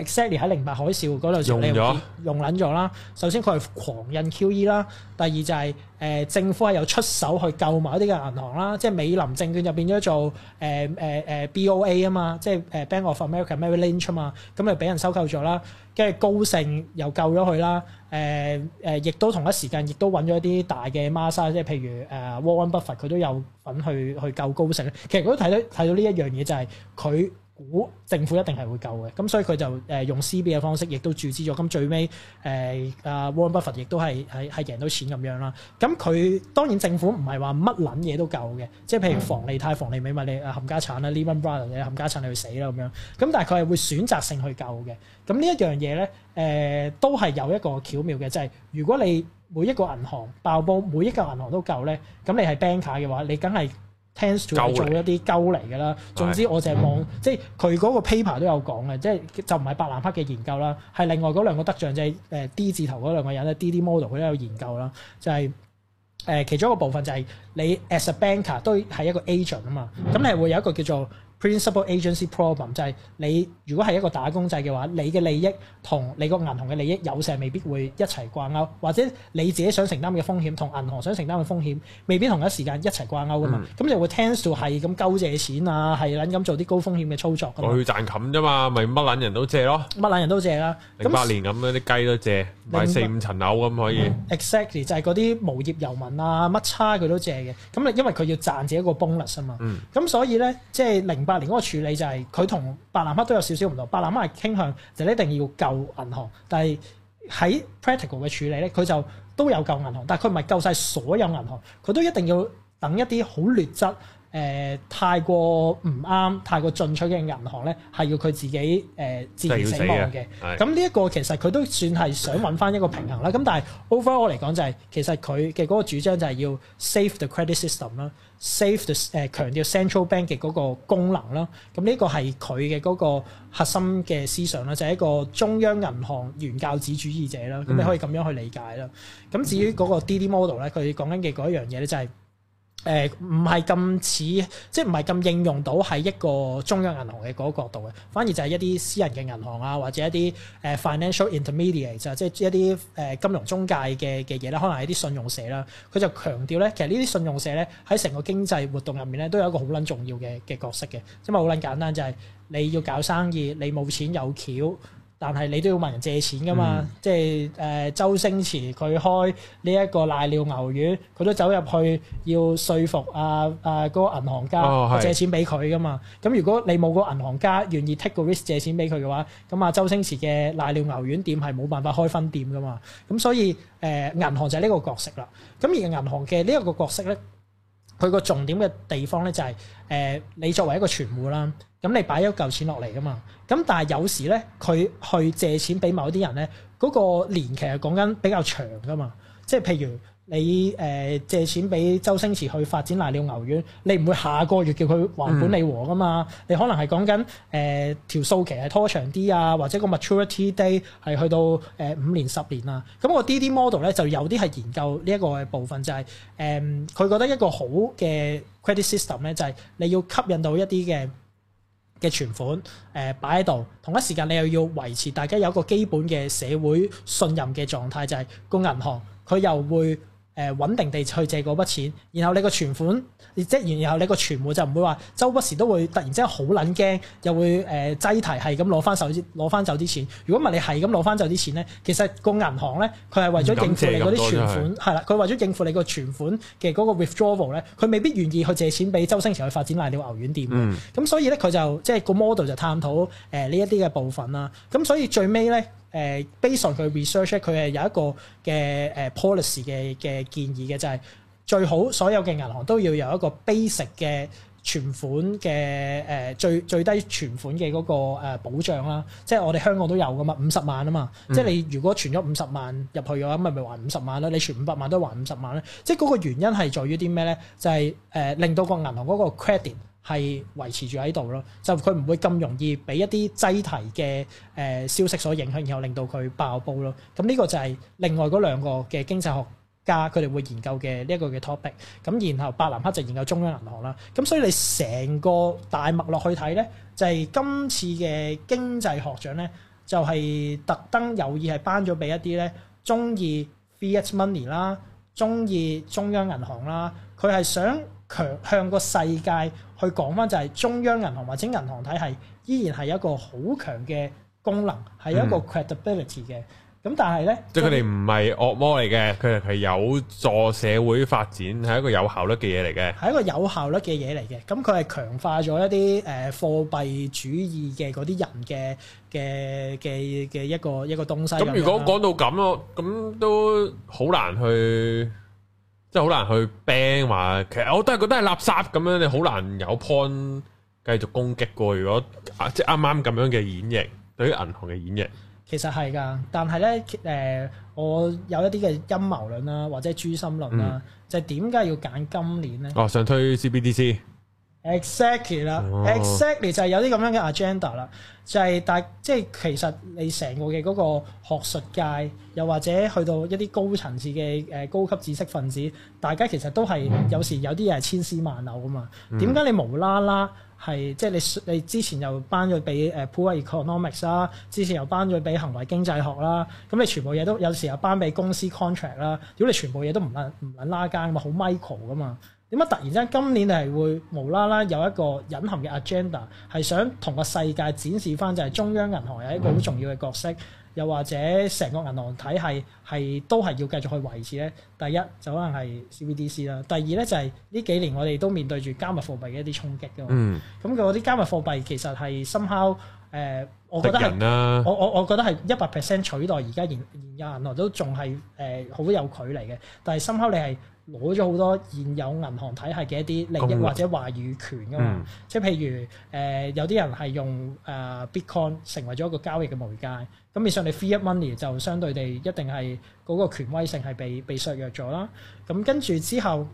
Exactly，喺零八海嘯嗰陣用咗用撚咗啦。首先佢係狂印 QE 啦，第二就係、是、誒、呃、政府係有出手去救埋一啲嘅銀行啦。即係美林證券就變咗做誒誒、呃、誒、呃、BOA 啊嘛，即係誒 Bank of America Merrill Lynch 啊嘛，咁就俾人收購咗啦。跟住高盛又救咗佢啦。誒、呃、誒、呃，亦都同一時間亦都揾咗一啲大嘅 m 孖沙，即係譬如誒、呃、Warren Buffett 佢都有份去去救高盛。其實佢都睇到睇到呢一樣嘢，就係佢。估政府一定係會救嘅，咁所以佢就誒用 C.B. 嘅方式，亦都注資咗。咁最尾誒 Warren Buffett 亦都係係係贏到錢咁樣啦。咁佢當然政府唔係話乜撚嘢都救嘅，即係譬如房利泰、房利美咪你冚家產啦，Lehman Brothers 冚家產你去死啦咁樣。咁但係佢係會選擇性去救嘅。咁呢一樣嘢咧，誒都係有一個巧妙嘅，就係如果你每一個銀行爆煲，每一個銀行都救咧，咁你係 banker 嘅話，你梗係。t e n 力做一啲鳩嚟嘅啦，總之我就係望，的即係佢嗰個 paper 都有講嘅，即係就唔係伯南克嘅研究啦，係另外嗰兩個得獎即係誒 D 字頭嗰兩個人咧，DD model 佢都有研究啦，就係、是、誒、呃、其中一個部分就係、是、你 as a banker 都係一個 agent 啊嘛，咁的你會有一個叫做。Principal agency problem，就係你如果係一個打工仔嘅話，你嘅利益同你個銀行嘅利益有時未必會一齊掛鈎，或者你自己想承擔嘅風險同銀行想承擔嘅風險未必同一時間一齊掛鈎噶嘛。咁就會 tends to 係咁鳩借錢啊，係撚咁做啲高風險嘅操作。我要賺冚啫嘛，咪乜撚人都借咯，乜撚人都借啦。零八年咁咧，啲雞都借買四五層樓咁可以。Exactly 就係嗰啲無業遊民啊，乜差佢都借嘅。咁咧因為佢要賺自己一個 bonus 啊嘛。咁所以咧即係零。八年嗰個處理就係佢同白蘭克都有少少唔同，白蘭克係傾向就一定要救銀行，但係喺 practical 嘅處理咧，佢就都有救銀行，但係佢唔係救晒所有銀行，佢都一定要等一啲好劣質。誒、呃，太過唔啱，太過進取嘅銀行咧，係要佢自己誒、呃、自然死亡嘅。咁呢一個其實佢都算係想揾翻一個平衡啦。咁但係 overall 嚟講就係、是、其實佢嘅嗰個主張就係要 save the credit system 啦，save the、呃、強調 central bank 嘅嗰個功能啦。咁呢個係佢嘅嗰個核心嘅思想啦，就係、是、一個中央銀行原教旨主義者啦。咁你可以咁樣去理解啦。咁、嗯、至於嗰個 DD model 咧，佢講緊嘅嗰一樣嘢咧、就是，就係。誒唔係咁似，即係唔係咁應用到喺一個中央銀行嘅嗰個角度嘅，反而就係一啲私人嘅銀行啊，或者一啲誒、呃、financial intermediates，即係一啲誒、呃、金融中介嘅嘅嘢啦，可能係啲信用社啦，佢就強調咧，其實呢啲信用社咧喺成個經濟活動入面咧，都有一個好撚重要嘅嘅角色嘅，因為好撚簡單就係、是、你要搞生意，你冇錢有橋。但係你都要問人借錢噶嘛，嗯、即係誒、呃、周星馳佢開呢一個瀨尿牛丸，佢都走入去要說服啊啊嗰、嗰個銀行家借錢俾佢噶嘛。咁如果你冇個銀行家願意 take 個 risk 借錢俾佢嘅話，咁啊周星馳嘅瀨尿牛丸店係冇辦法開分店噶嘛。咁所以誒、呃、銀行就係呢個角色啦。咁而銀行嘅呢一個角色咧。佢個重點嘅地方咧就係，誒，你作為一個存戶啦，咁你擺咗嚿錢落嚟噶嘛，咁但係有時咧，佢去借錢俾某啲人咧，嗰個年期係講緊比較長噶嘛，即係譬如。你誒借錢俾周星馳去發展瀨尿牛丸，你唔會下個月叫佢還本利和噶嘛？嗯、你可能係講緊誒條數期係拖長啲啊，或者個 maturity day 係去到誒五、呃、年十年啊。咁個 DD model 咧就有啲係研究呢一個部分，就係誒佢覺得一個好嘅 credit system 咧，就係、是、你要吸引到一啲嘅嘅存款誒擺喺度，同一時間你又要維持大家有一個基本嘅社會信任嘅狀態，就係、是、個銀行佢又會。誒穩定地去借嗰筆錢，然後你個存款，即係然後你個存款就唔會話周不時都會突然之間好撚驚，又會誒、呃、擠提，係咁攞翻手攞翻走啲錢。如果唔係你係咁攞翻走啲錢咧，其實個銀行咧，佢係為咗應付你嗰啲存款，係啦、就是，佢為咗應付你個存款嘅嗰個 withdrawal 咧，佢未必願意去借錢俾周星馳去發展瀨尿牛丸店嘅。咁、嗯、所以咧，佢就即係個 model 就探討誒呢一啲嘅部分啦。咁所以最尾咧。誒 Based on 佢 research 咧，佢係有一個嘅誒 policy 嘅嘅、uh, 建議嘅，就係最好所有嘅銀行都要有一個 basic 嘅存款嘅誒、uh, 最最低存款嘅嗰、那個、uh, 保障啦。即係我哋香港都有噶嘛，五十萬啊嘛。嗯、即係你如果存咗五十萬入去嘅話，咁咪咪還五十萬啦。你存五百萬都還五十萬咧。即係嗰個原因係在於啲咩咧？就係、是、誒、uh, 令到個銀行嗰個 credit，係維持住喺度咯，就佢唔會咁容易俾一啲擠提嘅誒、呃、消息所影響，然後令到佢爆煲咯。咁、這、呢個就係另外嗰兩個嘅經濟學家佢哋會研究嘅呢一個嘅 topic。咁然後伯南克就研究中央銀行啦。咁所以你成個大脈落去睇咧，就係、是、今次嘅經濟學獎咧，就係特登有意係頒咗俾一啲咧中意 fiat money 啦，中意中，中央銀行啦，佢係想。強向個世界去講返，就係中央銀行或者銀行體系依然係一個好強嘅功能，係一個 credibility 嘅。咁但係咧，即係佢哋唔係惡魔嚟嘅，佢哋係有助社會發展，係一個有效率嘅嘢嚟嘅。係一個有效率嘅嘢嚟嘅。咁佢係強化咗一啲誒貨幣主義嘅嗰啲人嘅嘅嘅嘅一個一個東西。咁如果講到咁咯，咁都好難去。即係好難去 bang 話，其實我都係覺得係垃圾咁樣，你好難有 point 繼續攻擊過。如果啊，即係啱啱咁樣嘅演繹，對於銀行嘅演繹，其實係噶，但係咧，誒、呃，我有一啲嘅陰謀論啦，或者係誅心論啦、啊，嗯、就係點解要揀今年咧？哦，想推 CBDC。exactly 啦，exactly 就係有啲咁樣嘅 agenda 啦，就係、是、大即係其實你成個嘅嗰個學術界，又或者去到一啲高層次嘅誒、呃、高級知識分子，大家其實都係、嗯、有時有啲嘢係千絲萬縷噶嘛。點解、嗯、你無啦啦係即係你你之前又頒咗俾誒普惠 economics 啦、啊，之前又頒咗俾行為經濟學啦、啊，咁你全部嘢都有時候頒俾公司 contract 啦、啊。如果你全部嘢都唔撚唔撚拉更嘅嘛，好 micro 噶嘛。點解突然之間今年係會無啦啦有一個隱含嘅 agenda 係想同個世界展示返就係中央銀行係一個好重要嘅角色，又或者成個銀行體系係都係要繼續去維持咧。第一就可能係 CBDC 啦，第二咧就係、是、呢幾年我哋都面對住加密貨幣嘅一啲衝擊㗎嘛。咁嗰啲加密貨幣其實係 somehow 誒。我覺得係，我我我覺得係一百 percent 取代而家現在現有銀行都仲係誒好有距離嘅，但係深刻你係攞咗好多現有銀行體系嘅一啲利益或者話語權㗎嘛，即係、嗯、譬如誒、呃、有啲人係用誒、呃、Bitcoin 成為咗一個交易嘅媒介，咁變相你 Fiat Money 就相對地一定係嗰個權威性係被被削弱咗啦，咁跟住之後。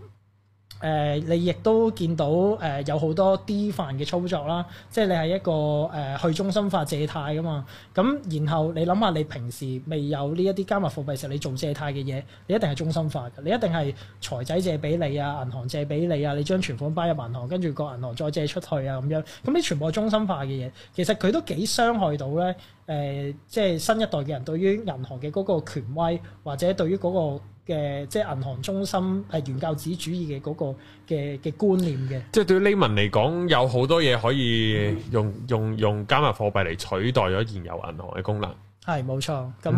誒、呃，你亦都見到誒、呃、有好多 D 犯嘅操作啦，即係你係一個誒、呃、去中心化借貸噶嘛。咁然後你諗下，你平時未有呢一啲加密貨幣時，你做借貸嘅嘢，你一定係中心化嘅，你一定係財仔借俾你啊，銀行借俾你啊，你將存款擺入銀行，跟住個銀行再借出去啊咁樣。咁你全部係中心化嘅嘢，其實佢都幾傷害到咧。誒、呃，即係新一代嘅人對於銀行嘅嗰個權威或者對於嗰、那個。嘅即係銀行中心係原教旨主義嘅嗰、那個嘅嘅觀念嘅。即係對於呢文嚟講，有好多嘢可以用用用加密貨幣嚟取代咗現有銀行嘅功能。係冇錯，咁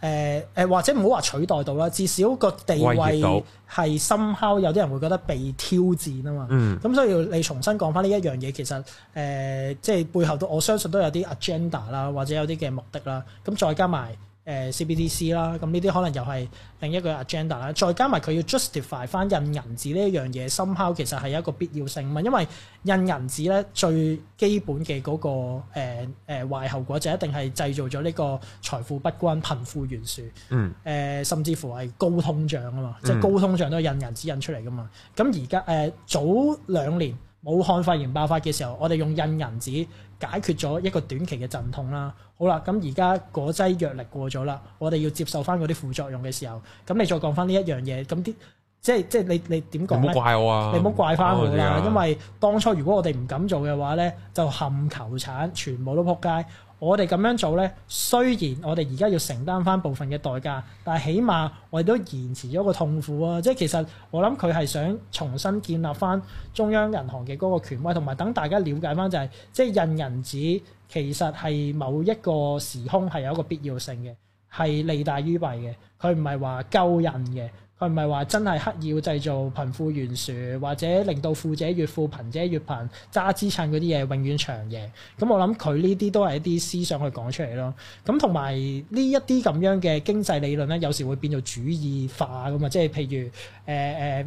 誒誒，或者唔好話取代到啦，至少個地位係深刻，有啲人會覺得被挑戰啊嘛。嗯。咁所以你重新講返呢一樣嘢，其實誒、呃、即係背後都我相信都有啲 agenda 啦，或者有啲嘅目的啦。咁再加埋。誒 CBDC 啦，咁呢啲可能又係另一個 agenda 啦。再加埋佢要 justify 返印銀紙呢一樣嘢，somehow 其實係一個必要性嘛。因為印銀紙咧，最基本嘅嗰、那個誒誒壞後果就一定係製造咗呢個財富不均、貧富懸殊。嗯。誒，甚至乎係高通脹啊嘛，即、就、係、是、高通脹都係印銀紙印出嚟㗎嘛。咁而家誒早兩年武漢肺炎爆發嘅時候，我哋用印銀紙。解決咗一個短期嘅陣痛啦，好啦，咁而家嗰劑藥力過咗啦，我哋要接受翻嗰啲副作用嘅時候，咁你再講翻呢一樣嘢，咁啲即係即係你你點講？唔好怪我啊！你唔好怪翻我啦，oh, yeah. 因為當初如果我哋唔敢做嘅話咧，就冚求產全部都撲街。我哋咁樣做呢，雖然我哋而家要承擔翻部分嘅代價，但係起碼我哋都延遲咗個痛苦啊！即係其實我諗佢係想重新建立翻中央銀行嘅嗰個權威，同埋等大家了解翻就係、是，即係印銀紙其實係某一個時空係有一個必要性嘅，係利大於弊嘅，佢唔係話鳩印嘅。佢唔係話真係刻意要製造貧富懸殊，或者令到富者越富、貧者越貧、揸資產嗰啲嘢永遠長贏。咁我諗佢呢啲都係一啲思想去講出嚟咯。咁同埋呢一啲咁樣嘅經濟理論咧，有時會變做主義化噶嘛，即係譬如誒誒。呃呃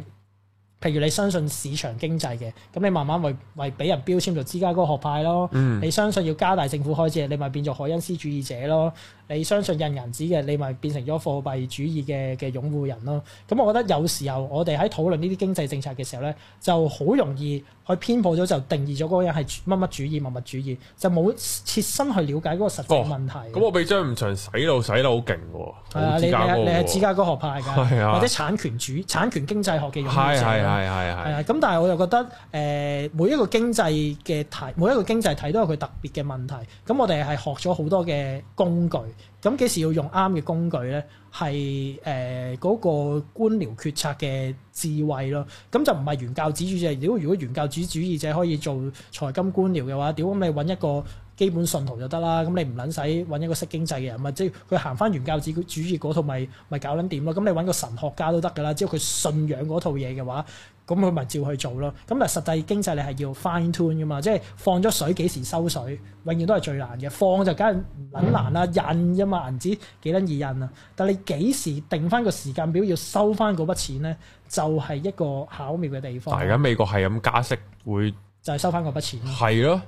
譬如你相信市場經濟嘅，咁你慢慢為為俾人標籤做芝加哥學派咯。嗯、你相信要加大政府開支，你咪變做凱恩斯主義者咯。你相信印銀紙嘅，你咪變成咗貨幣主義嘅嘅擁護人咯。咁我覺得有時候我哋喺討論呢啲經濟政策嘅時候咧，就好容易去偏頗咗，就定義咗嗰個人係乜乜主義、物物主義，就冇切身去了解嗰個實際問題。咁、哦哦、我俾張五常洗腦洗得好勁喎、哦，啊，你你係芝加哥學派㗎， 或者產權主、產權經濟學嘅擁護者。對對係係係，係啊！咁但係我又覺得，誒每一個經濟嘅體，每一個經濟體都有佢特別嘅問題。咁我哋係學咗好多嘅工具，咁幾時要用啱嘅工具咧？係誒嗰個官僚決策嘅智慧咯。咁就唔係原教旨主義者。如果如果原教旨主義者可以做財金官僚嘅話，屌咁你揾一個基本信徒就得啦，咁你唔撚使揾一個識經濟嘅人咪即係佢行翻原教旨主義嗰套咪咪搞撚點咯？咁你揾個神學家都得噶啦，只要佢信仰嗰套嘢嘅話，咁佢咪照去做咯。咁但係實際經濟你係要 fine tune 噶嘛，即係放咗水，幾時收水，永遠都係最難嘅。放就梗係唔撚難啦，嗯、印啫嘛，唔知幾撚易印啊？但係你幾時定翻個時間表要收翻嗰筆錢呢，就係、係、一個巧妙嘅地方。而家美國係咁加息會就係收翻嗰筆錢咯。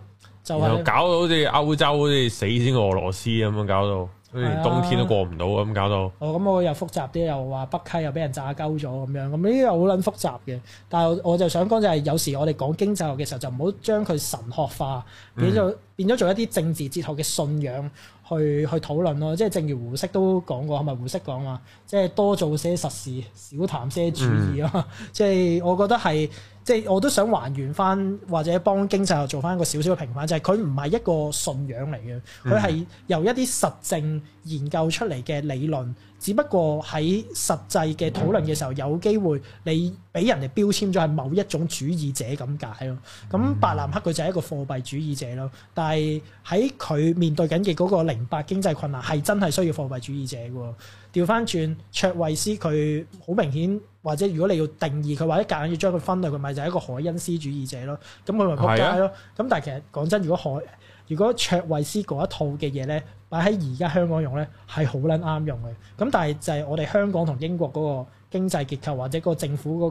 就搞到好似歐洲好似死先俄羅斯咁樣搞到，好似連冬天都過唔到，咁搞到。哦，咁我又複雜啲，又話北溪又俾人炸鳩咗咁樣，咁呢啲又好撚複雜嘅。但係我就想講就係，有時我哋講經濟學嘅時候就唔好將佢神學化，變咗變咗做一啲政治哲學嘅信仰。去去討論咯，即係正如胡適都講過，係咪胡適講啊？即係多做些實事，少談些主義咯。嗯、 即係我覺得係，即係我都想還原翻，或者幫經濟學做翻一個小小嘅評判，就係佢唔係一個信仰嚟嘅，佢係由一啲實證研究出嚟嘅理論。只不過喺實際嘅討論嘅時候，有機會你俾人哋標籤咗係某一種主義者咁解咯。咁、嗯、白蘭克佢就係一個貨幣主義者咯。但係喺佢面對緊嘅嗰個零八經濟困難，係真係需要貨幣主義者嘅。調翻轉，卓維斯佢好明顯，或者如果你要定義佢，或者夾硬要將佢分類，佢咪就係一個凱恩斯主義者咯。咁佢咪仆街咯。咁、啊、但係其實講真，如果凱，如果卓維斯嗰一套嘅嘢呢，喺而家香港用咧係好撚啱用嘅，咁但係就係我哋香港同英國嗰個經濟結構或者個政府嗰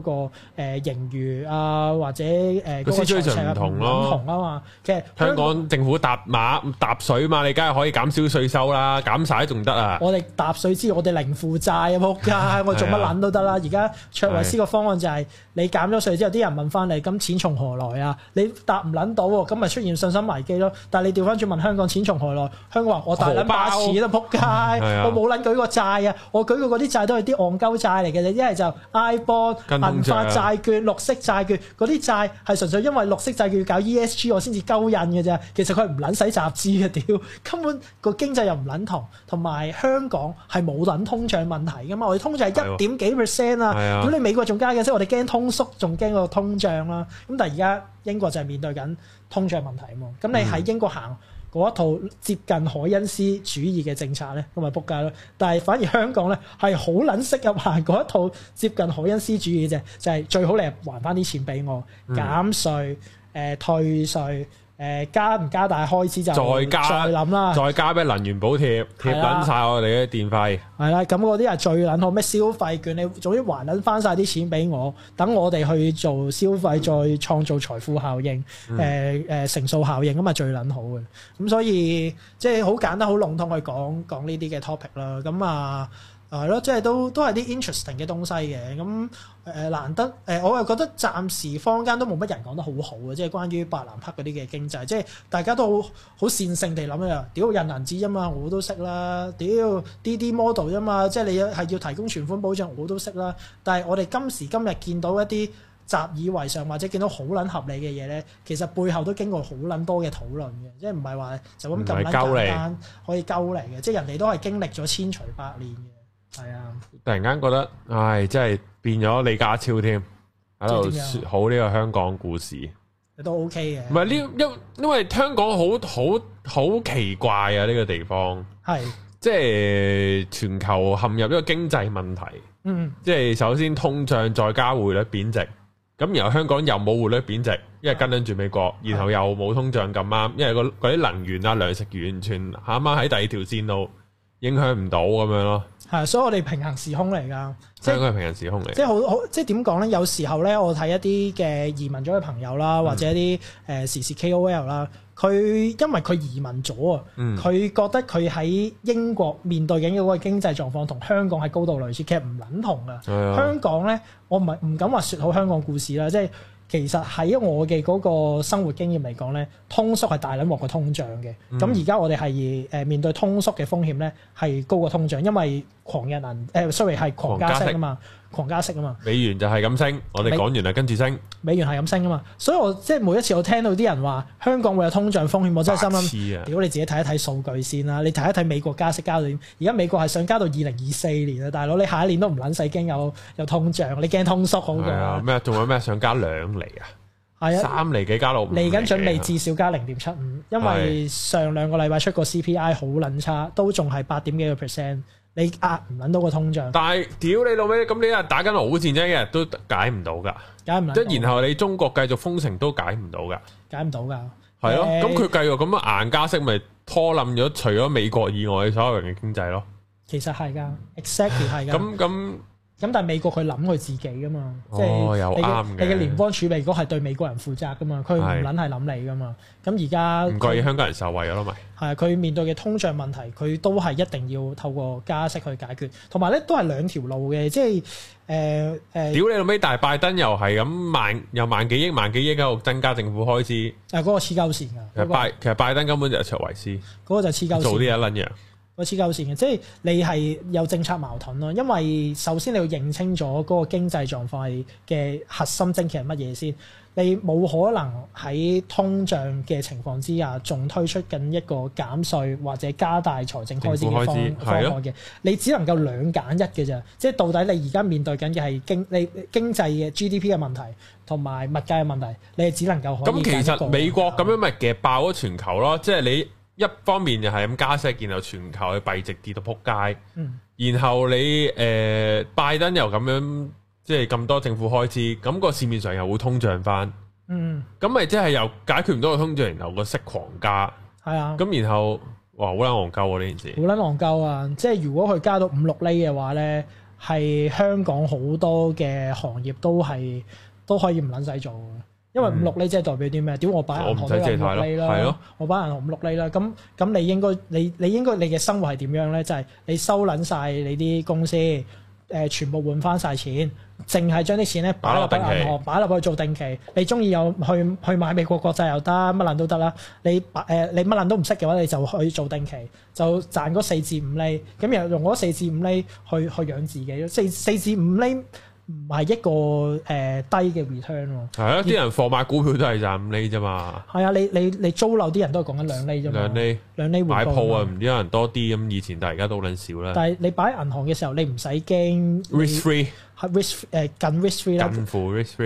個誒盈餘啊，或者誒個財政唔同咯，唔同啊嘛，即係香,香港政府搭馬搭水啊嘛，你梗係可以減少稅收啦，減曬仲得啊！我哋搭水之後，我哋零負債啊，仆街，我做乜撚都得啦、啊。而家是、啊、卓慧思個方案就係、是是啊、你減咗稅之後，啲人問翻你，咁錢從何來啊？你搭唔撚到喎，咁咪出現信心危機咯。但係你調翻轉問香港，錢從何來？香港話我搭。諗把屎都仆街，我冇捻舉個債啊！我舉嘅嗰啲債都係啲戇鳩債嚟嘅啫，一係就 iBond、銀髮債券、綠色債券嗰啲債係純粹因為綠色債券要搞 ESG 我先至勾印嘅啫，其實佢唔捻使集資嘅，屌根本個經濟又唔捻同，同埋香港係冇捻通脹問題噶嘛，我哋通脹係一點幾 percent 啊，咁你、啊、美國仲加緊，所以我哋驚通縮，仲驚個通脹啦。咁但係而家英國就係面對緊通脹問題嘛，咁你喺英國行？嗯嗯嗰一套接近凱恩斯主義嘅政策咧，咁咪仆街咯。但係反而香港咧係好撚適合行嗰一套接近凱恩斯主義嘅啫，就係、是、最好你還翻啲錢俾我，減稅誒退稅。誒、呃，加唔加大開支就再加，再諗啦，再加咩能源補貼，貼緊晒我哋嘅電費。係啦，咁嗰啲係最撚好咩消費券，你總之還撚翻晒啲錢俾我，等我哋去做消費，再創造財富效應，誒誒、嗯呃呃、乘數效應咁啊最撚好嘅。咁所以即係好簡單，好籠統去講講呢啲嘅 topic 啦。咁啊。係咯，即係、 嗯就是、都都係啲 interesting 嘅東西嘅，咁、嗯、誒難得誒、呃，我又覺得暫時坊間都冇乜人講得好好嘅，即、就、係、是、關於白蘭柏嗰啲嘅經濟，即、就、係、是、大家都好好善性地諗啊！屌，印銀紙啫嘛，我都識啦！屌，DD model 啊嘛，即、就、係、是、你係要提供存款保障，我都識啦。但係我哋今時今日見到一啲習以為常或者見到好撚合理嘅嘢咧，其實背後都經過好撚多嘅討論嘅，即係唔係話就咁、是、咁簡單可以鳩嚟嘅，即係人哋都係經歷咗千錘百煉嘅。係啊！突然間覺得，唉，真係變咗李家超添喺度說好呢個香港故事，都 OK 嘅。唔係呢，因因為香港好好好奇怪啊！呢個地方係即係全球陷入一個經濟問題，嗯，即係首先通脹再加匯率貶值，咁然後香港又冇匯率貶值，因為跟緊住美國，然後又冇通脹咁啱，因為個嗰啲能源啊、糧食完全啱啱喺第二條綫路影響唔到咁樣咯。係、啊，所以我哋平衡時空嚟㗎，即係佢係平衡時空嚟。即係好好，即係點講咧？有時候咧，我睇一啲嘅移民咗嘅朋友啦，嗯、或者一啲誒、呃、時事 KOL 啦，佢因為佢移民咗啊，佢、嗯、覺得佢喺英國面對緊嘅嗰個經濟狀況同香港係高度類似，其實唔撚同㗎。嗯、香港咧，我唔係唔敢話説好香港故事啦。即係其實喺我嘅嗰個生活經驗嚟講咧，通縮係大撚鑊過通脹嘅。咁而家我哋係誒面對通縮嘅風險咧，係高過通脹，因為狂日銀誒，sorry 係狂加息啊嘛，狂加息啊嘛。美元就係咁升，美我哋講完啦，跟住升。美元係咁升啊嘛，所以我即係每一次我聽到啲人話香港會有通脹風險，啊、我真係心諗，屌你自己睇一睇數據先啦，你睇一睇美國加息加到點，而家美國係想加到二零二四年啊，大佬你下一年都唔撚使驚有有通脹，你驚通縮好嘅、啊。咩仲、哎、有咩想加兩厘啊？係啊、哎呀，三厘幾加到嚟緊準備至少加零點七五，因為上兩個禮拜出個 CPI 好撚差，都仲係八點幾個 percent。你壓唔揾到個通脹？但係屌你老味，咁你啊打緊好戰啫，都解唔到噶，解唔到。即係然後你中國繼續封城都解唔到噶，解唔到噶。係咯，咁佢繼續咁樣硬加息，咪拖冧咗除咗美國以外所有人嘅經濟咯。其實係噶，exactly 係噶。咁咁。咁但係美國佢諗佢自己噶嘛，哦、即係你嘅聯邦儲備如果係對美國人負責噶嘛，佢唔撚係諗你噶嘛。咁而家唔怪香港人受惠㗎啦嘛，咪係佢面對嘅通脹問題，佢都係一定要透過加息去解決。同埋咧都係兩條路嘅，即係誒誒，屌你老尾！但係拜登又係咁萬又萬幾億萬幾億喺度增加政府開支，係嗰、啊那個黐鳩線㗎。其實拜登根本就係卓維斯，嗰個就黐鳩線。做啲嘢撚樣。我似夠線嘅，即係你係有政策矛盾咯。因為首先你要認清楚嗰個經濟狀況係嘅核心症結係乜嘢先。你冇可能喺通脹嘅情況之下，仲推出緊一個減稅或者加大財政開支嘅方方案嘅。你只能夠兩揀一嘅啫。即係到底你而家面對緊嘅係經你經濟嘅 GDP 嘅問題，同埋物價嘅問題，你係只能夠可以。咁其實美國咁樣咪夾爆咗全球咯，即係你。一方面就係咁加息，然後全球嘅幣值跌到撲街，嗯、然後你誒、呃、拜登又咁樣，即係咁多政府開支，咁個市面上又會通脹翻，咁咪即係又解決唔到個通脹，然後個息狂加，係啊，咁然後哇，好撚戇鳩啊呢件事，好撚戇鳩啊！即係如果佢加到五六厘嘅話咧，係香港好多嘅行業都係都可以唔撚使做。因為五六厘即係代表啲咩？點我擺銀行都有五六厘啦，我擺銀行五六厘啦。咁咁你應該你你應該你嘅生活係點樣咧？就係你收撚曬你啲公司，誒全部換翻曬錢，淨係將啲錢咧擺落銀行，擺落去做定期。你中意又去去買美國國債又得，乜撚都得啦。你擺誒你乜撚都唔識嘅話，你就可以做定期，就賺嗰四至五厘。咁又用嗰四至五厘去去養自己。四四至五厘。唔係一個誒低嘅 return 咯。係啊，啲人放買股票都係就係五厘啫嘛。係啊，你你你租樓啲人都係講緊兩厘啫。兩厘，兩厘回報。買鋪啊，唔知有人多啲咁，以前但係而家都好撚少啦。但係你擺喺銀行嘅時候，你唔使驚。Risk free 係 risk 誒近 risk free 啦。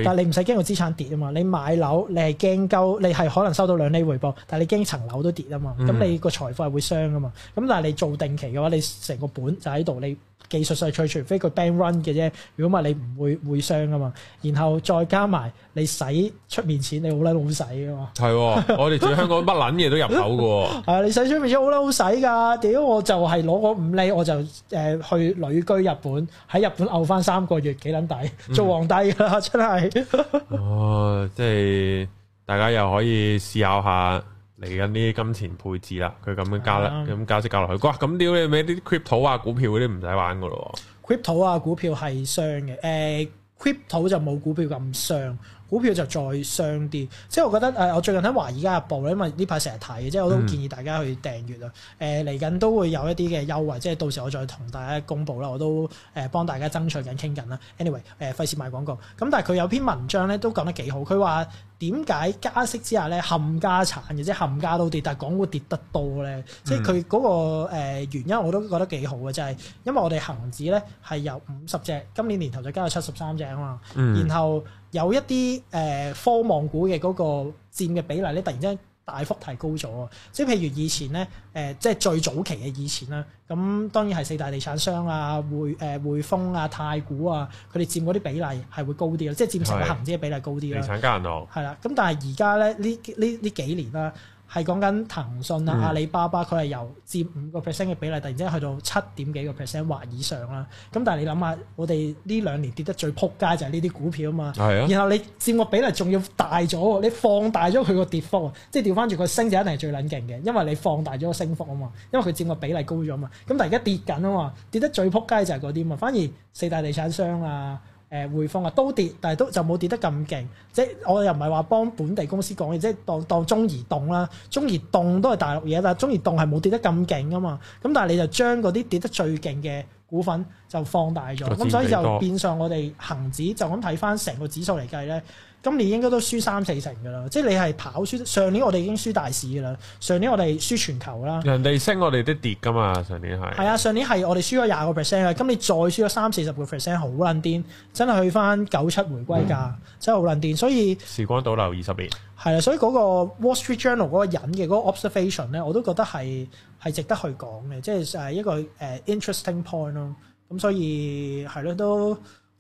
但係你唔使驚個資產跌啊嘛。你買樓你係驚鳩，你係可能收到兩厘回報，但係你驚層樓都跌啊嘛。咁你個財富係會傷㗎嘛。咁但係你做定期嘅話，你成個本就喺度你。技術上碎，除非佢 bank run 嘅啫。如果唔係你唔會會傷噶嘛。然後再加埋你使出面錢，你好撚好使噶嘛。係、哦，我哋住香港乜撚嘢都入口噶。係， 你使出面錢好撚好使噶。屌，我就係攞嗰五厘，我就誒去旅居日本，喺日本漚翻三個月，幾撚底？做皇帝啦，真係、 嗯。哦，即係大家又可以思考下。嚟緊啲金錢配置啦，佢咁樣加啦，咁、嗯、加即係加落去。哇！咁屌你咩？啲 crypto 啊、股票嗰啲唔使玩噶咯。crypto 啊、股票係傷嘅。誒，crypto 就、啊、冇股票咁傷，呃、傷，股票就再傷啲。即係我覺得誒、呃，我最近喺華爾街日報咧，因為呢排成日睇嘅，即係我都建議大家去訂閲啊。誒、嗯，嚟緊、呃、都會有一啲嘅優惠，即係到時我再同大家公布啦。我都誒、呃、幫大家爭取緊、傾緊啦。anyway，誒費事賣廣告。咁但係佢有篇文章咧都講得幾好，佢話。點解加息之下咧冚家產嘅啫，冚家都跌，但係港股跌得多咧，嗯、即係佢嗰個原因我都覺得幾好嘅，就係、是、因為我哋恒指咧係由五十隻，今年年頭就加到七十三隻啊嘛，然後有一啲誒科網股嘅嗰個佔嘅比例咧突然之間。大幅提高咗，即係譬如以前咧，誒、呃、即係最早期嘅以前啦，咁當然係四大地產商啊、匯誒、呃、匯豐啊、太古啊，佢哋佔嗰啲比例係會高啲啦，即係佔成個行之嘅比例高啲啦。對對地產加銀行係啦，咁但係而家咧呢呢呢幾年啦。係講緊騰訊啊、阿里巴巴，佢係由佔五個 percent 嘅比例，突然之間去到七點幾個 percent 或以上啦。咁但係你諗下，我哋呢兩年跌得最撲街就係呢啲股票啊嘛。係啊。然後你佔個比例仲要大咗，你放大咗佢個跌幅啊，即係調翻轉佢升就一定係最撚勁嘅，因為你放大咗個升幅啊嘛，因為佢佔個比例高咗啊嘛。咁但係而家跌緊啊嘛，跌得最撲街就係嗰啲啊嘛，反而四大地產商啊。誒匯豐啊，都跌，但係都就冇跌得咁勁。即係我又唔係話幫本地公司講嘢，即係當當中移動啦，中移動都係大陸嘢啦，但中移動係冇跌得咁勁啊嘛。咁但係你就將嗰啲跌得最勁嘅股份就放大咗，咁所以就變相我哋恒指就咁睇翻成個指數嚟計咧。今年應該都輸三四成嘅啦，即係你係跑輸。上年我哋已經輸大市嘅啦，上年我哋輸全球啦。人哋升我哋都跌㗎嘛，上年係。係啊，上年係我哋輸咗廿個 percent 呀，今年再輸咗三四十個 percent，好撚癲，真係去翻九七回歸價，嗯、真係好撚癲。所以時光倒流二十年。係啊，所以嗰個 Wall Street Journal 嗰個人嘅嗰、嗰個 observation 咧，我都覺得係係值得去講嘅，即係誒一個誒、uh, interesting point 咯。咁所以係咯、啊，都。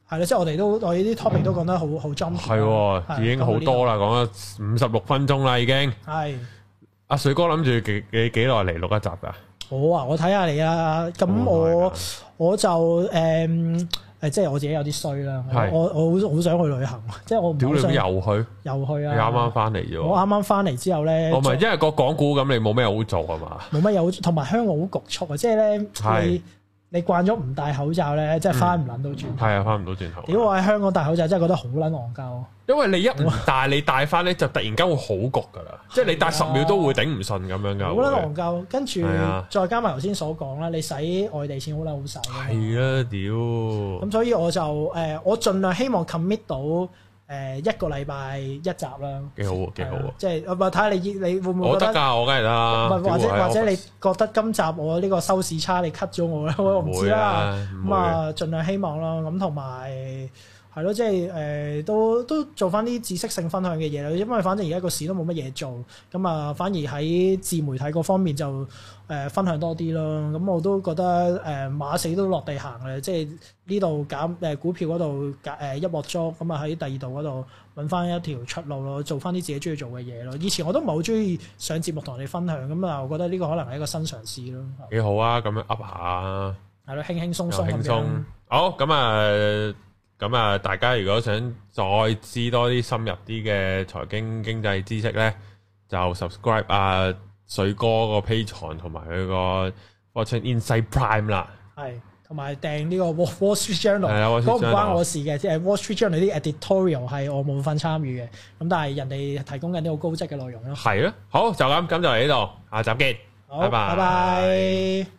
係啦，即係我哋都我呢啲 topic 都講得好好專業。係，已經好多啦，講咗五十六分鐘啦，已經。係，阿水哥諗住幾幾幾耐嚟錄一集噶？好啊，我睇下你啊。咁我我就誒誒，即係我自己有啲衰啦。我我好想好想去旅行，即係我。屌你都又去？又去啊！你啱啱翻嚟啫！我啱啱翻嚟之後咧，我唔係因為個港股咁，你冇咩好做係嘛？冇咩好做，同埋香港好局促啊！即係咧，係。你慣咗唔戴口罩咧，即係翻唔撚到轉頭。係、嗯、啊，翻唔到轉頭。如果我喺香港戴口罩，真係覺得好撚戇鳩。因為你一戴 你戴翻咧，就突然間會好焗噶啦，啊、即係你戴十秒都會頂唔順咁樣噶。好撚戇鳩，跟住會、啊、再加埋頭先所講啦，你使外地錢好撚好使。係啊，屌、那個。咁、啊、所以我就誒，我盡量希望 commit 到。誒一個禮拜一集啦，幾好啊，呃，幾好啊！即係唔睇下你你會唔會覺得我得㗎？我梗係得。唔或者或者你覺得今集我呢個收視差，你 cut 咗我咧？我唔知啦。咁啊，盡量希望啦。咁同埋。係咯，即係誒、呃，都都做翻啲知識性分享嘅嘢啦。因為反正而家個市都冇乜嘢做，咁、嗯、啊，反而喺自媒體嗰方面就誒、呃、分享多啲咯。咁、嗯、我都覺得誒、呃、馬死都落地行嘅，即係呢度搞誒股票嗰度減一鑊熟，咁啊喺第二度嗰度揾翻一條出路咯，做翻啲自己中意做嘅嘢咯。以前我都唔係好中意上節目同你分享咁啊、嗯，我覺得呢個可能係一個新嘗試咯，幾好啊！咁樣 up 下係、啊、咯，輕輕鬆鬆，鬆，輕鬆好咁啊！咁啊，大家如果想再知多啲深入啲嘅財經經濟知識咧，就 subscribe 啊水哥個 Patreon 同埋佢個 Fortune Insight Prime 啦。係，同埋訂呢個 Wall Street Journal，嗰個唔關我事嘅，即係 Wall Street Journal 啲 editorial 係我冇份參與嘅。咁但係人哋提供緊啲好高質嘅內容咯。係咯，好就咁，咁就嚟呢度，下集見，好拜拜。拜拜。